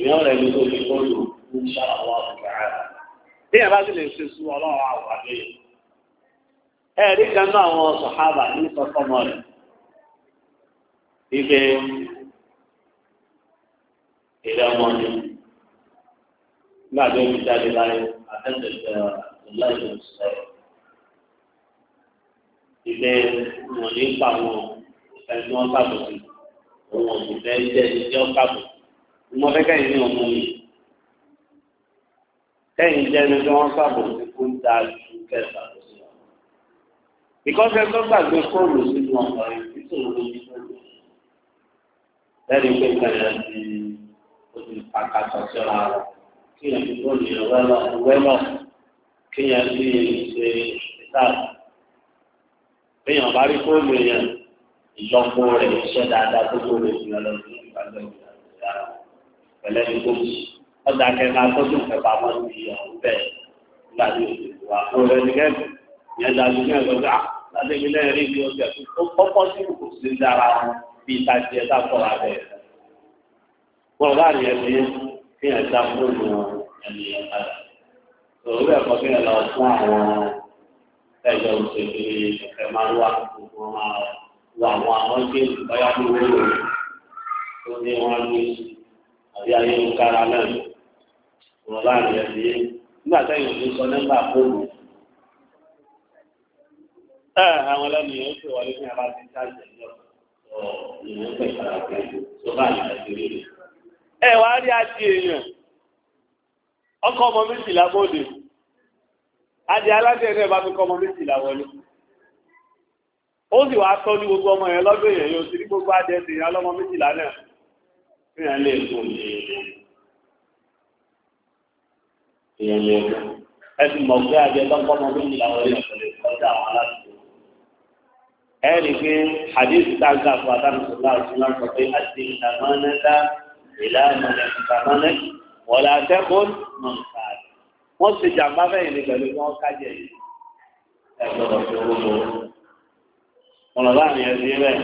ìyá rẹ̀ ní omi bọ́ọ̀lù ń ṣá àwọn àbùkà rẹ̀ bí ẹ̀ bá sì lè ṣe sú ọlọ́run àwọn àbẹ́ ẹ̀ rí kan náà àwọn sàhábà ní sọfọ́mọ rẹ̀ ibẹ̀ ìdámọ́ ni nígbà tó ń jáde láyé àtẹ́tẹ̀ ìlànà ìṣẹ́yìn. ibẹ̀ wọn ní pa wọn ẹni tí wọn kàbọ sí òun ọ̀sìn fẹ́ jẹ́ ẹni tí wọn kàbọ mo fẹ́ kẹ́yìn ní ọmọ mi kẹ́yìn jẹ́ ẹni tí wọn kàbọ sí kó ń da ju kẹta lọ sí wọn. ìkọ́sẹ́ tó gbàgbé fóònù sínú ọkọ̀ rẹ̀ nítorí ló ní fóònù lẹ́nu pé kẹ̀lẹ́ ti oṣù pàkàtọ̀ síra rẹ̀ kí ẹ̀mí fóònù yẹn wẹ́lọ̀ kí ẹ̀mí ṣe ìtàkùn téèyàn bá rí fóònù yẹn ìlọ́po rẹ̀ iṣẹ́ dáadáa tó tó lè fi ọlọ́run ní ìgbàgbọ́ ìgbàgbọ́ pẹ̀lẹ́ ní kóòtù ọjà kẹta tọ́jú ìfẹ́fà mọ́ sí ọ̀hún bẹ́ẹ̀ nígbà tí òṣèlú wa kó rẹ̀ nígẹ̀ yẹn dájú ní ẹ̀gbọ́dá ah, láti ilé rí ní ọjà tó kọ́kọ́ sí kò sí dára bíi ìtajà ẹ̀dá kọ́ra rẹ̀ bọ́ọ̀ láàrin ẹ̀mí kéèyàn dá fóònù ẹ̀mí ẹ̀ka ẹjọ́ òṣèlú ẹ̀fẹ̀ máa wà gbogbo máa wà àwọn àwọn ṣé ìgbáyà ló wúlò tó ní wọn ní àbí ayélujára náà wọn nígbà táyà sọ nígbà fóònù àwọn ẹlẹ́nu yẹn ó pè wọlé ìwọ̀n tó bá ẹ wàá rí àti èèyàn ọkọ ọmọ méjìlá bóde. adì aláṣẹ ẹ̀rẹ́ bá fi kọ́ ọmọ méjìlá wọlé ó sì wá tọ́ ní gbogbo ọmọ yẹn lọ́dún èèyàn yóò sí ní gbogbo adì ẹ̀sìn ìyá ọlọ́mọ méjìlá náà èèyàn lè kó èèyàn lè kó ẹ̀sìn mọ̀ pé adì ẹ̀lọ́pọ̀ ọmọ méjìlá wọlé ọ̀sẹ̀ kọjá àwọn aláṣẹ ẹ̀rì wọ́n ṣe jàmbá fẹ́yìn ní pẹ̀lú wọn kájẹ yìí ẹ gbọ́dọ̀ fi owó lọ ọ̀nà láàrin ẹbí rẹ̀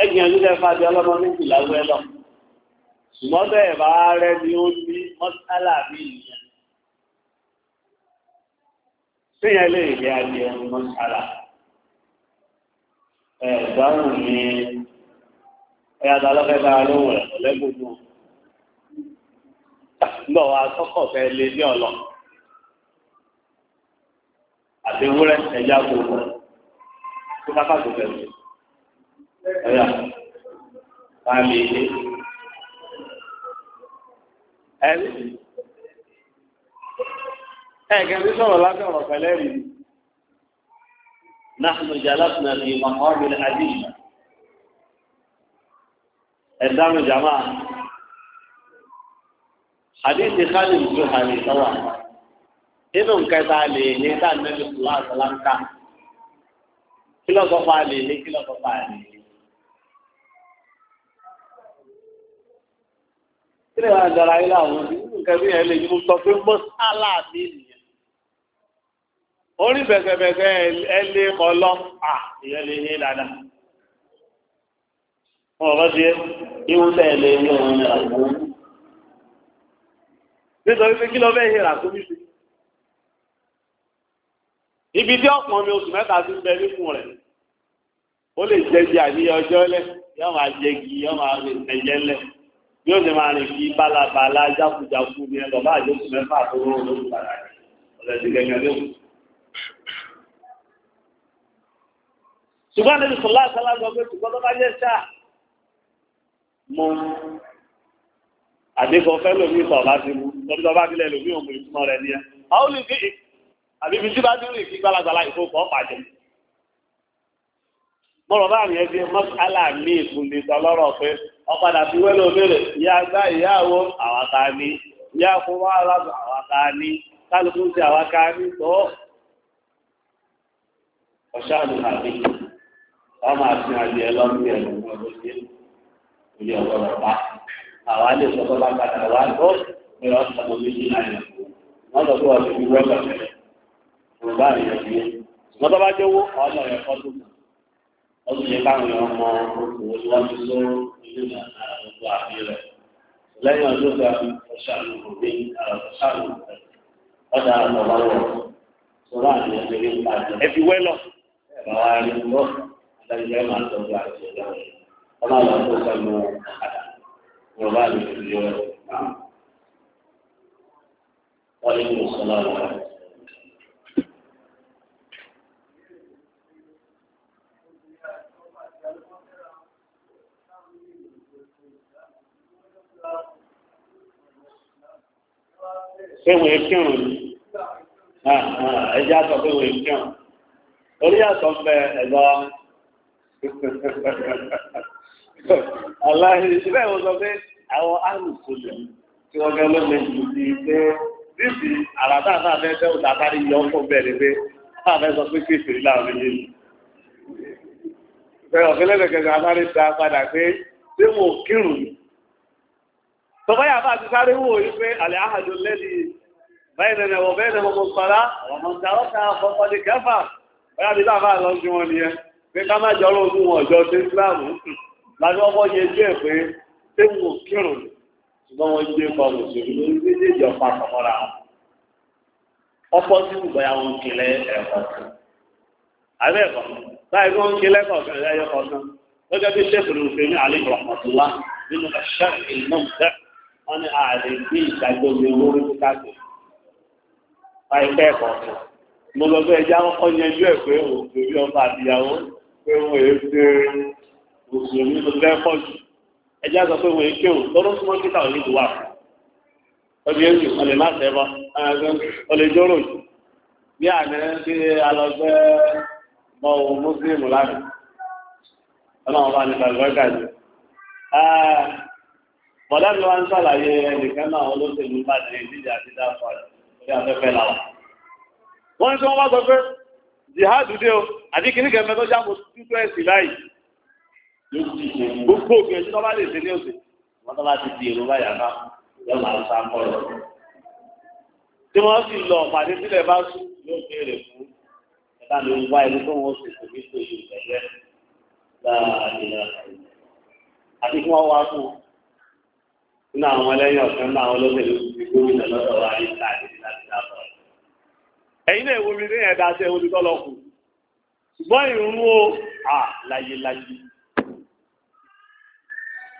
ẹ gbìyànjú kẹ́ fàájọ ọlọ́mọ méjì láwọ́ ẹ lọ ṣùgbọ́n bẹ́ẹ̀ bá rẹ ni ó ní mọ́sálà mi ìyẹn síyẹn lè rí adìẹ mọ́sálà ẹ gbárùn mi ẹ adalọ́fẹ́ bá lóhùn rẹ̀ lẹ́gbọ̀gbọ̀ gbọ́ wa sọ́kọ̀ fẹ́ lé ní ọlọ́run àti ewúrẹ́ ẹ̀yà gbogbo tó bá káàkiri pẹ̀lú ẹ̀yà báàmì ilé ẹ̀rí ẹ̀kẹ́ bí sọ̀rọ̀ láti ọ̀rọ̀ pẹ̀lẹ́ rí نحن جلسنا في مقام الأديب قدام جماعة حديث خالد الجهني طبعا nínú nǹkan tá a lè ní tá a nẹ́bí sùlá àtàláńkà kí lọ́kọ́ bá a lè ní kí lọ́kọ́ bá a lè ní. kí lè máa dára ilé àwọn nínú nǹkan bí yẹn lè ní mo sọ pé mọ́sálà mi nìyẹn. orí bẹ̀gẹ̀bẹ̀gẹ̀ ẹ lé kọ́ lọ à ìyẹn lè ní dáadáa. wọn bá ti yẹ ihun tẹ̀ lé ní òun ní nítorí pé kí lọ bẹ́ẹ̀ yẹra tó ní sí ibi tí ọ̀pọ̀ omi oṣù mẹ́ta ti ń bẹ nípò rẹ̀ ó lè jẹ́ di àníyàn ọjọ́ lẹ̀ yóò máa jẹ kí yóò máa rìn ẹ̀jẹ̀ lẹ̀ yóò sì máa rìn kí bálabàlá jákujàku ni ẹ̀rọ bá àjọṣù mẹ́fà tó rọrùn lóṣù padà ọ̀lẹ́sìn gẹ́gẹ́ lóṣù. ṣùgbọ́n níbi sọ̀lá sọ́lá sọ pé ṣùgbọ́n tó bá jẹ́ sáà mọ́ àdékọ̀ fẹ́ lómi ìtọ̀ bá ti mú tọ́bí tọ́ bá àbí ibi tí bá ti rìn kí gbalagbala ìfowópamọ́ pàdé. bọ́lọ̀ bá mi ẹbí mọ́sálà mi ìfúnni sọlọ́rọ̀ pé ọ̀padà fi wẹ́lẹ̀ òbèrè ìyá gbá ìyáwó àwa ta ni ìyá fún wa aláàbò àwa ta ni kálukú ti àwa ká ní tó. ọ̀ṣà ló hà mí wọ́n máa fi àjẹ lọ́mí ẹ̀ lọ́mọ lóde ìlú ọ̀gọ́rọ̀ àwa lè sọ fọ́lá padà wá tó ìrọ̀sọ̀mọ́ méjì náà yẹn wọ́n lọ bí wọ́n ti fi wọ́n lọ sílẹ̀ yorùbá rẹ̀ yẹ rẹ̀ kírun ní ẹjẹ́ àtọ̀ pé wọ́n kírun orí àtọ̀ ń bẹ ẹ̀lọ́ (laughs) aláì ìbẹ̀ wọ́n sọ pé àwọn àrùsọ̀lẹ̀ tí wọ́n gẹ́ lọ́nà ìlú ti pé níbi àràtà náà fẹ́ fẹ́ òtàtàrí yọ fún bẹ̀rẹ̀ pé náà fẹ́ sọ pé kéfèrè láàrin yìí bẹ̀rẹ̀ ọ̀fẹ́ lẹ́gbẹ̀kẹ̀kẹ̀ alárí da padà pé tí mo kírun tọ́báyà bá بيننا وبينهم الصلاة ومن تركها فقد كفر ويعني لا فعل لهم ونية pé ká má jọrọ ogún ọjọ́ tí islam láti ọmọ yẹn jẹ́ pé tí mo kírun ni ṣùgbọ́n wọ́n jẹ́ pa mùsùlùmí lórí méjèèjì ọ̀pá àtọ̀mọ́ra ọ̀pọ̀ tí mo bá yàwọn kílẹ̀ ẹ̀kọ́ kan àbẹ́ ẹ̀kọ́ báyìí wọ́n kílẹ̀ kọ̀ọ̀kan ẹ̀yọ kọ̀ọ̀kan lọ́jọ́ bí sẹ́kùn ní òfin ní alẹ́ ìrọ̀mọ̀tòlá nínú ẹ̀ṣẹ́ ìlú náà wọ́n ní ààrẹ gbé ìdájọ́ mi lórí káàkiri àìpẹ́ ẹ̀kọ́ tó mo lọ bẹ́ẹ̀ já ọkọ yẹnjú ẹ̀ pé òṣèlú ọba àbíyàwó pé wọn èé ṣe òṣèlú tó fẹ́ pọ̀ jù ẹjá sọ pé wọn èé kéwòn lọ́dún tí wọ́n kí táwọn yìí wà fún ọdún yẹn sùn ọlẹ́ má sẹ́ bọ́ ọlẹ́ jọ́rò jù bí àná ṣe alọ́gbẹ́ mọ ohun mùsùlùmí lánàá ọlọ́run bá nípa ìgbọ́gà jù mọ̀dá mi wá ń sàlàyé ẹnìkan náà olóṣèlú bá ìdíje àti dáfọ́ àti orí wọ́n tí wọ́n wá sọ pé jihadu dé o àti kìíní tó títọ́ ẹ̀sìn gbogbo lè ṣe ní òsè wọ́n ti di èrò báyà náà máa ń lọ. tí wọ́n sì lọ pàdé sílẹ̀ bá sùn fún ẹ̀ka ló ń wá ẹni tó wọ́n sì kò ní láàrin àti nínú àwọn ẹlẹ́yìn ọ̀sán nínú àwọn olóṣèlú ti gómìnà lọ́dọ̀ wa ní káàdì láti dábọ̀. ẹ̀yin náà wo mi ní ẹ̀dá sí ewu tó lọ kù ṣùgbọ́n ìrún o à láyé láyé.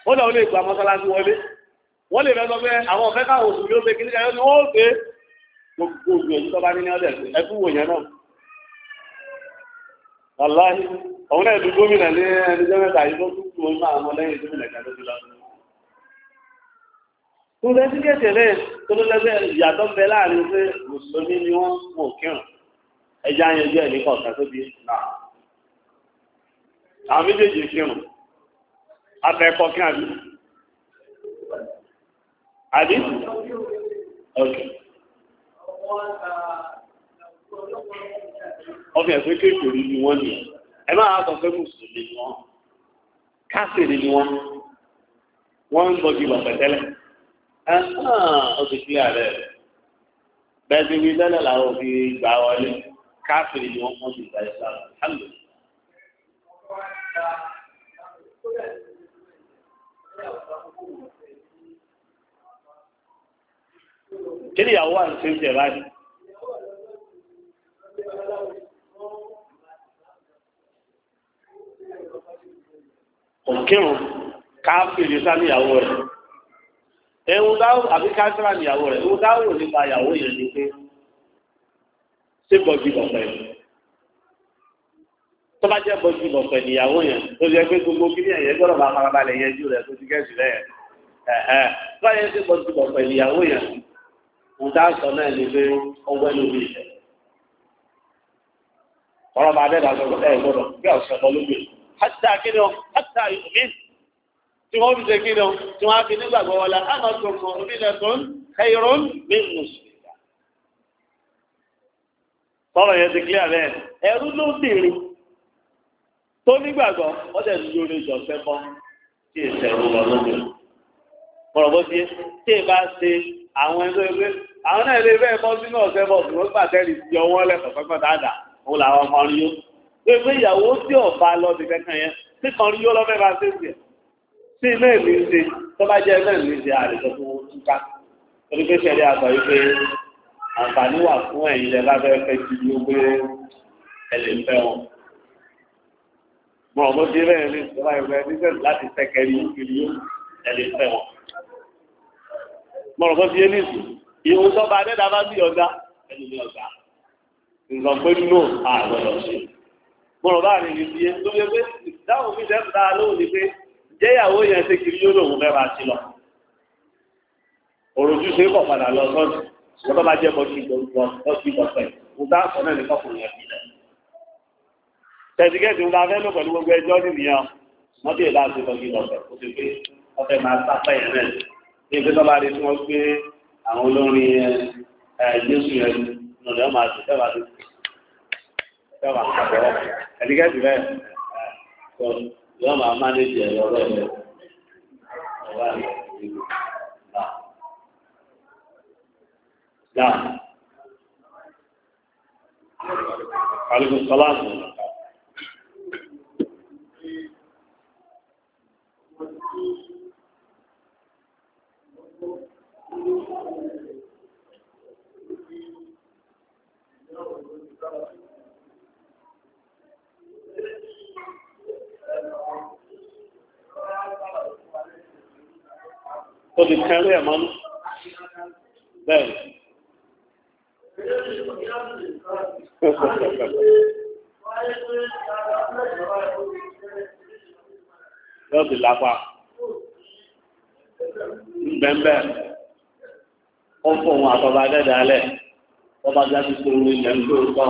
ó lọ lè gba mọ́sálásí wọlé wọ́n lè lọ́dọ̀ pé àwọn ọ̀fẹ́ káwọn oṣù yóò fẹ́ kí nígbà yóò ní wọ́n ó gbé gbogbo ògbìyànjú tó bá ní ní ọ̀dẹ̀ ẹkú wò yẹn náà. wàláhì òun náà ìlú gómìnà ní ẹni jẹ́ mẹ́ta yìí tó kú òun náà àwọn ọmọ Fún bẹ́ẹ̀ sí kẹ̀kẹ̀rẹ́ tó ló lẹ́gbẹ́ ìyàtọ̀ bẹ láàrin pé Mùsùlùmí ni wọ́n mọ̀ kírun. Ẹja yanjú ẹ̀ ní kọ̀ọ̀kan tó di náà. Àwọn méjèèjì kírun. Abẹ́kọ̀ kí àbí. Àbí? Okay. Ọbẹ̀ ẹ̀fẹ́ kékeré ni wọ́n ní. Ẹ máa sọ pé Mùsùlùmí ni wọ́n. Kásìrì ni wọ́n. Wọ́n ń bọ́gi bàbẹ̀ tẹ́lẹ̀ ó ti kílẹ̀ rẹ̀ bẹ́ẹ̀ ti wí lẹ́lẹ̀ làwọn òbí gbà wọlé káfíìrì ni wọ́n mọ̀ sí ìgbà islam hàlù. kí ni ìyàwó ẹ̀ ẹ̀hún dáwò àbí káńtírà níyàwó rẹ̀ ẹ̀hún dáwò nípa ìyàwó yẹn ni pé ṣé bọ́jú bọ̀pẹ̀ tó bá jẹ́ bọ́jú bọ̀pẹ̀ níyàwó yẹn tó jẹ́ pé gbogbo kíní ẹ̀yẹ gbọ́dọ̀ bá farabalẹ̀ yẹn jù rẹ̀ tó ti gẹ̀ẹ́sì rẹ̀ ẹ̀ẹ́ tó bá yẹ ṣé bọ́jú bọ̀pẹ̀ níyàwó yẹn ẹ̀hún dáwò sọ náà ni pé ọwẹ́ ló bí ìṣẹ̀ ọ̀rọ̀ tí wọ́n fi ṣe kí lọ tí wọ́n á fi nígbàgbọ́ wọlé àmọ́tòmọ̀ onílẹ̀tún kẹrún ní mùsùlùmí. tọ́rọ̀ yẹn ti clear bẹ́ẹ̀ ẹ̀rú ló ń bèrè tó nígbàgbọ́ wọ́n tẹ̀ lórí orí ìjọsẹ́ mọ́ tí èsì ẹ̀rú lọ lóde. bọ̀rọ̀ bó ti tí ì bá ṣe àwọn ẹgbẹ́ ẹgbẹ́ àwọn náà lè bẹ́ẹ̀ bọ́ sínú ọ̀sẹ̀ bọ̀ tí ọ̀fà lọ ti kẹ́kàn yẹn tí kan rí sí ilé ìlú ṣe tó bá jẹ́ ilé ìlú ṣe àrètò fún túká torí pé ṣẹlẹ̀ àgbà yìí pé àǹfààní wà fún ẹ̀yin lẹ bá fẹ́ fẹ́ ju yóò pé ẹ fẹ́ wọn. mo ọmọ dé bẹ́ẹ̀ ní ìjọba ìwé níṣẹ́ láti sẹ́kẹ̀rì kiri yóò ẹ lè fẹ́ wọn. mo ọmọ dé ní ìwé sọ́ba adẹ́dá bá bí ọ̀gá ẹni ní ọ̀gá nǹkan pé nínú àgbọ̀dọ̀ ṣe. mo ọmọ bá rìn jẹ́yàwó yẹn ṣe kiri yóò lòun mẹ́ra sí lọ. òròjú ṣe kọ̀ padà lọ sọ́ọ̀tì wọ́n tó bá jẹ́ bọ́sí ìgbọ̀ngbọ̀n bọ́sí ìgbọ̀ngbọ̀n mo bá sọ náà nìkan fún yẹn bílẹ̀. tẹ̀síkẹ́sì ń bá fẹ́ lò pẹ̀lú gbogbo ẹjọ́ nìyẹn wọ́n ti ìlà àti bọ́sí ìgbọ̀ngbọ̀n kó ti pé wọ́n fẹ́ máa sáfẹ́ yẹn náà ní ìgbé tó bá rí tí wọ́n gbé àwọn olórin Jésù yẹn lọ́dọ̀ máa máa ti fẹ́ máa ti yóò máa mánéjì ẹ̀ lọ́rọ̀ ẹ̀ ọ̀rọ̀ ẹ̀ nà. Nà. Àlùkò sọ́lá àgbọ̀nà. àtọ́ba dẹ́dà lẹ̀ tọ́ba já ti tó orí ilẹ̀ tó tọ́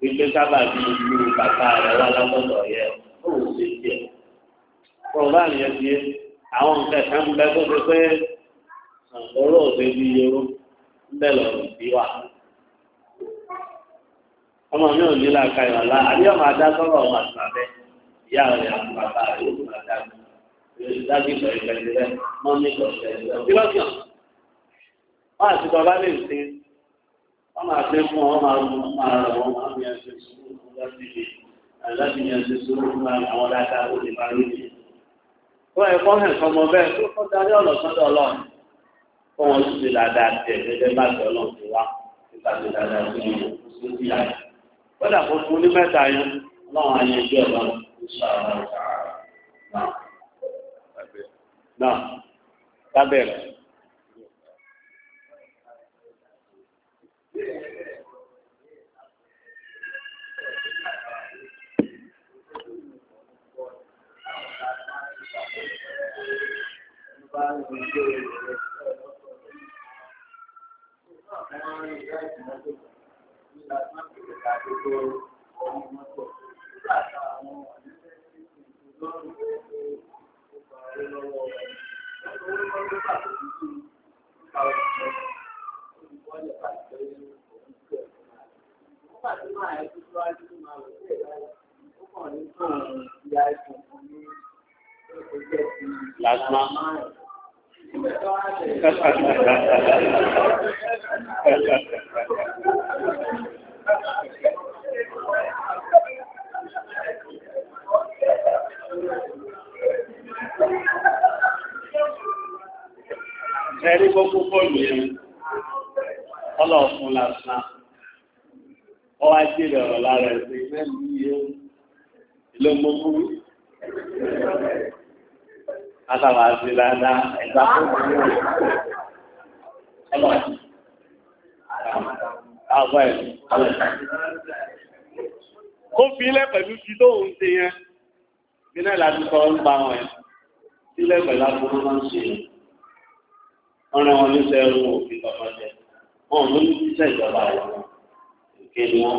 wípé sábà bí irú bàbá rẹ̀ wá látọ̀dọ̀ yẹ kó ṣe tiẹ̀. Kọ̀ọ̀ bá nìyẹn ti yé àwọn nǹkan kan ń bẹ tó ti pé ọ̀rọ̀ òde bí ń bẹ̀ lọ́rùn bí wà. Ọmọ mi ò ní làákà àbí ọmọ adá ọmọ ìyá rẹ̀ àti bàbá rẹ̀ yóò wọ́n bàbá lè ṣe wọ́n máa ṣe fún ọ máa rú máa rọ wọn máa láti lè ṣe àwọn dáadáa ó lè máa rí mi. wọ́n ẹ̀kọ́ hẹ̀ sọmọ bẹ́ẹ̀ tó kọ́ darí ọ̀nà sọ́dọ̀ ọlọ́run kó wọn sì ṣe Last month. Ẹ̀rí gbogbo bọ́ọ̀lù yẹn, ọlọ́ọ̀fún lásán, ọwá jèrè ọ̀rọ̀ lára ẹ̀sìn mẹ́rin yẹn, ló mọ́ fún aláwọ̀ àti lánà ẹ̀dá kó fi ilẹ̀ pẹ̀lú ti tó ń ṣe yẹn nínú ìlàjú sọ ń pa wọn ẹ̀ sílẹ̀ pẹ̀lú aburú máa ń ṣe ọ̀rẹ́ wọn ní sẹ́rù òfin tọmọdé wọn ò ní ṣiṣẹ́ ìjọba wọn kí ni wọn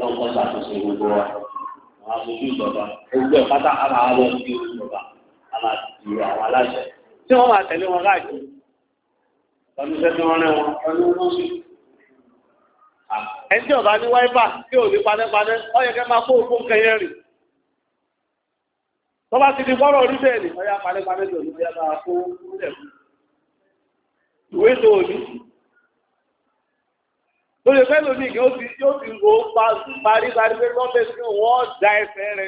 lọ́kọ́ ṣàtúnṣe gbogbo wa wọn aṣojú ìjọba gbogbo ẹ̀ pátá ara wọn sí ìjọba a máa ní wáípà tí ò ní panẹ́panẹ́ ó yẹ kẹ́ máa kó òkú kẹyẹ rì tó bá ti di bọ́rọ̀ orí bẹ́ẹ̀ ni ọya panẹ́panẹ́ tó ní ọya máa kó ìwé tó o ní lórí fẹ́ lómi ìgbẹ́ ó ti wo parí sí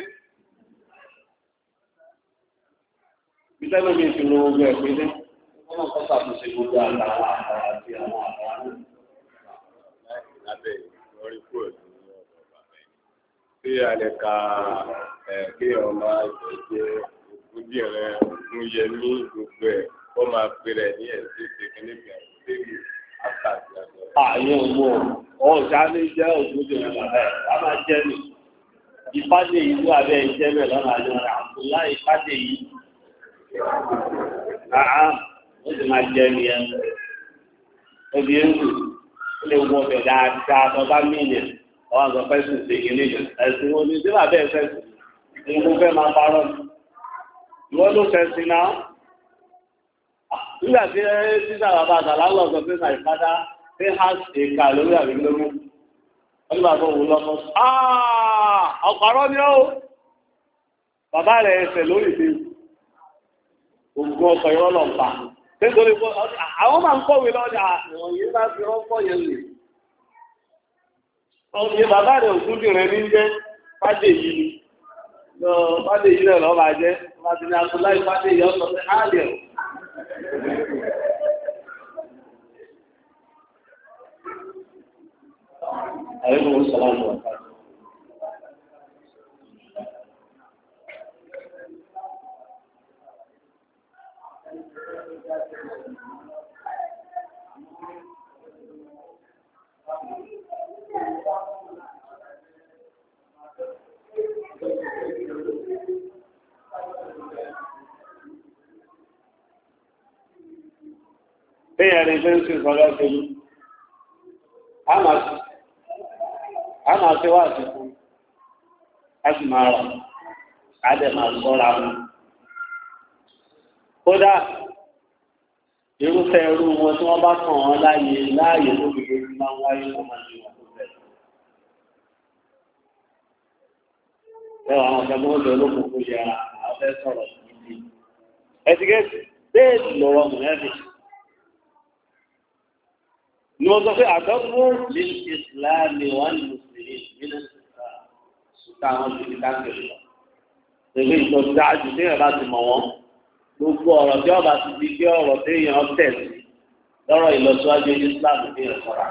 Bísẹ́ ló ní ìṣòro gbogbo ẹ̀ pé ní wọ́n kọ́ ṣàtúnṣe gbogbo àgbà àgbà àti àwọn àgbà náà. Lábẹ́ ìrọ̀rí kúrò ní ọ̀pọ̀ bàbá yìí. Ṣé a lè ka kí ọmọ ìfẹ́ jẹ́ ogún díẹ̀rẹ́ ogún yẹmí gbogbo ẹ̀ kó máa pèrè ní ẹ̀sìn ìṣèkínní kan lébi àtàkì àgbà. Àyè òmò ọ̀sán ní jẹ́ ogún díẹ̀rẹ́ bàbá ẹ̀ a máa jẹ́ mi. Ìfádé yìí ló abẹ́ ìjẹ́ bẹ̀ lọ́nà àjọ àbúlá ìfádé yìí. Àá ó sì máa jẹ ẹni yẹn. Ebi ń sùn, ó lè wọ ọbẹ̀ dáadáa tó bá mílíọ̀n. Àwọn àgbà fẹ́ sùn sí ìgbìlẹ̀ yìí. Ẹ̀sìn wo ni tí bàbá ẹ̀ fẹ́ sùn? Mo kún fẹ́ máa parọ́ mi. Ìwọ ló fẹ́ sin náà. Nígbà tí eh, sísá bàbá àtàlà lọ sọ pé my father dey has a car lórí àbí lórí. Wọ́n ní bàbá òun lọ́mọ. Ọ̀pọ̀ àrọ́ ni ó. Bàbá rẹ̀ ẹsẹ̀ lórí ìdíje ògùn ọkọ̀ yọ lọ pa nítorí pé àwọn máa ń kọ̀wé lọ́jà àwọn bá fi rọ́pọ̀ yẹn lè ọ̀gbìn bàbá rẹ̀ òkúndìrín ní jẹ́ fàdé yìí ni fàdé yìí náà lọ́ba jẹ́ láti ní akúláì fàdé yìí ọ̀sán sí áàlẹ̀ o. Àyẹ̀wò sọ̀rọ̀ àwọn ọ̀sán. téèyàn lè ṣe ń sìn sọ lọ́sẹ̀ a máa ṣe wá àsìkò a sì máa rà á máa sọ́ra wọn. kódà irúfẹ́ irú wọn tí wọ́n bá kàn wọ́n láàyè láàyè tó fi máa wáyé wọn máa bẹ̀rẹ̀. ẹwà àwọn ni wọ́n sọ pé àdọ́gbò ní ìsìláàmì wọn ní mùsùlùmí nílẹ̀ sùtà àwọn ti fi káàkiri lọ. Èmi ìtọ́ dájú tí èèyàn bá ti mọ̀ wọ́n. Gbogbo ọ̀rọ̀ tí ọba ti di pé ọ̀rọ̀ tí èèyàn tẹ̀ sí lọ́rọ̀ ìlọsíwájú ìsìláàmì ní ìrẹ̀sọ̀ra.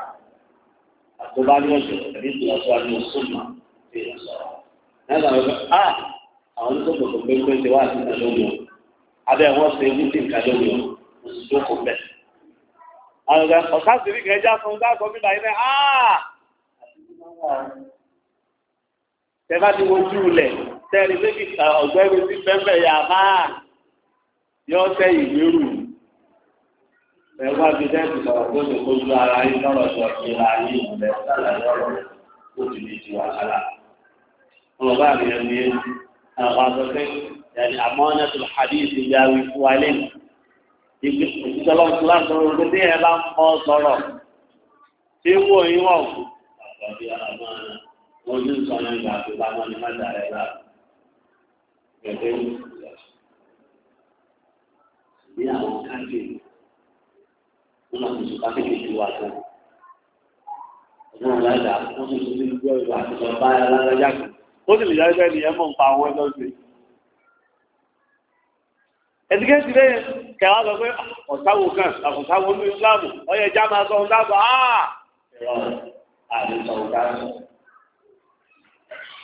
Àtọ́bá ní ọ̀sẹ̀ tẹ̀lé ìlọsíwájú ìsúnmọ̀ "Ah! Àwọn oníṣòwò kò pé pé ti wá àti ìtàlómi o. Abẹ́ wọn ṣe wíńdì ìtàlómi o àgbà ọ̀ká sì rí kẹjá fún un dáàbò bí láyé náà áà tẹ́fà ti wojú lẹ̀ tẹ́rì lébi ọ̀gbẹ́rù sí pẹ́pẹ́ yà máa yọ tẹ́ ìgbérù ẹ̀wọ́n abidjan ti sọ̀rọ̀ tó ti kojú ara yín lọ́rọ̀ sọ pé ayé ìlẹ̀ sálà lọ́rọ̀ ó ti lè ti wàhálà. wọn bá mi ẹni yẹn àwọn àgbẹ̀ pé àmọ́ ọ̀nà tó hadith ìyá wí fún wa lẹ́nu òjíṣẹ́ ọlọ́run tó láti sọ̀rọ̀ pé bí ẹ bá ń mọ sọ̀rọ̀ tí wọ́n yín wọ̀ kù. àgbàbí àmọ́ wọn ní sọ̀rọ̀ ìgbà tó bá wọn ní má dàrẹ́ rà gẹ́gẹ́ bí ní àwọn káàdì wọn náà tuntun ká kékeré ju wa tó. ọdún ọ̀la ìdá wọn tún tún ní gbọ́ ìwà àti ọba ẹ̀ lára yàgò. ó sì lè yára bẹ́ẹ̀ ni ẹ mọ̀ nípa àwọn ẹgbẹ́ òṣèlú. ẹ̀dígẹ́ ti bẹ́ẹ̀ kẹwàá sọ pé ah, ọ̀sáwò kan àkùnsáwò ní ìsìláàmù ọyẹ ẹja máa sọ ohun dáàbò áà ah! ẹ̀rọ àdìsọ ọ̀gá àwọn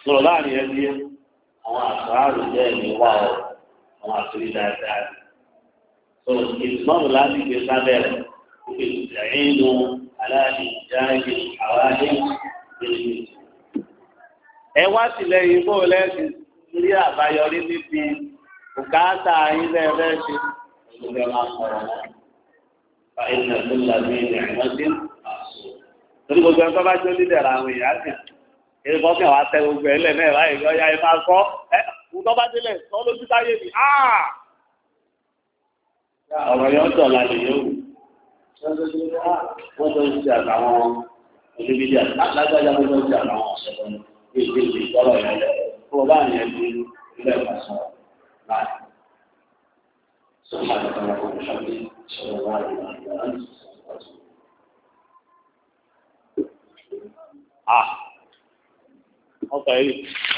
àṣàrò jẹ́ ẹ̀mí wà ọ́ àwọn àṣírí dáadáa sọ̀rọ̀ ìsìláàmù láti gbé sábẹ́ rẹ̀ kókè ìdàrínú jáde àwáyé ìdílé. ẹ wá tìlẹ́yìn bó lẹ́sìn rí àbáyọrí níbi bùkátà ilé ẹlẹ́sìn. وكما قال فإن كل ذي نعمة محصور torí gbogbo ẹni tó bá jó lílẹ̀ ra àwọn èèyàn sì èyí kan kẹwàá tẹ gbogbo ẹ lẹ́ẹ̀ náà báyìí lọ́ọ́ ya ẹ máa kọ́ ẹ kù tó bá délẹ̀ sọ lójú táyé mi á. ọ̀rọ̀ yẹn ń tọ̀ lálẹ́ yẹn wò wọ́n tó ń ṣe àtàwọn oníbíjà lágbájá wọ́n tó ń ṣe àtàwọn ọ̀ṣẹ̀gbọ́n ní ìdíje ìtọ́lọ̀ yẹn lẹ́ẹ̀ kó o bá ilé ìwòsàn láti. سبحانك اللهم وبحمدك اشهد ان لا اله الا انت Ah, okay.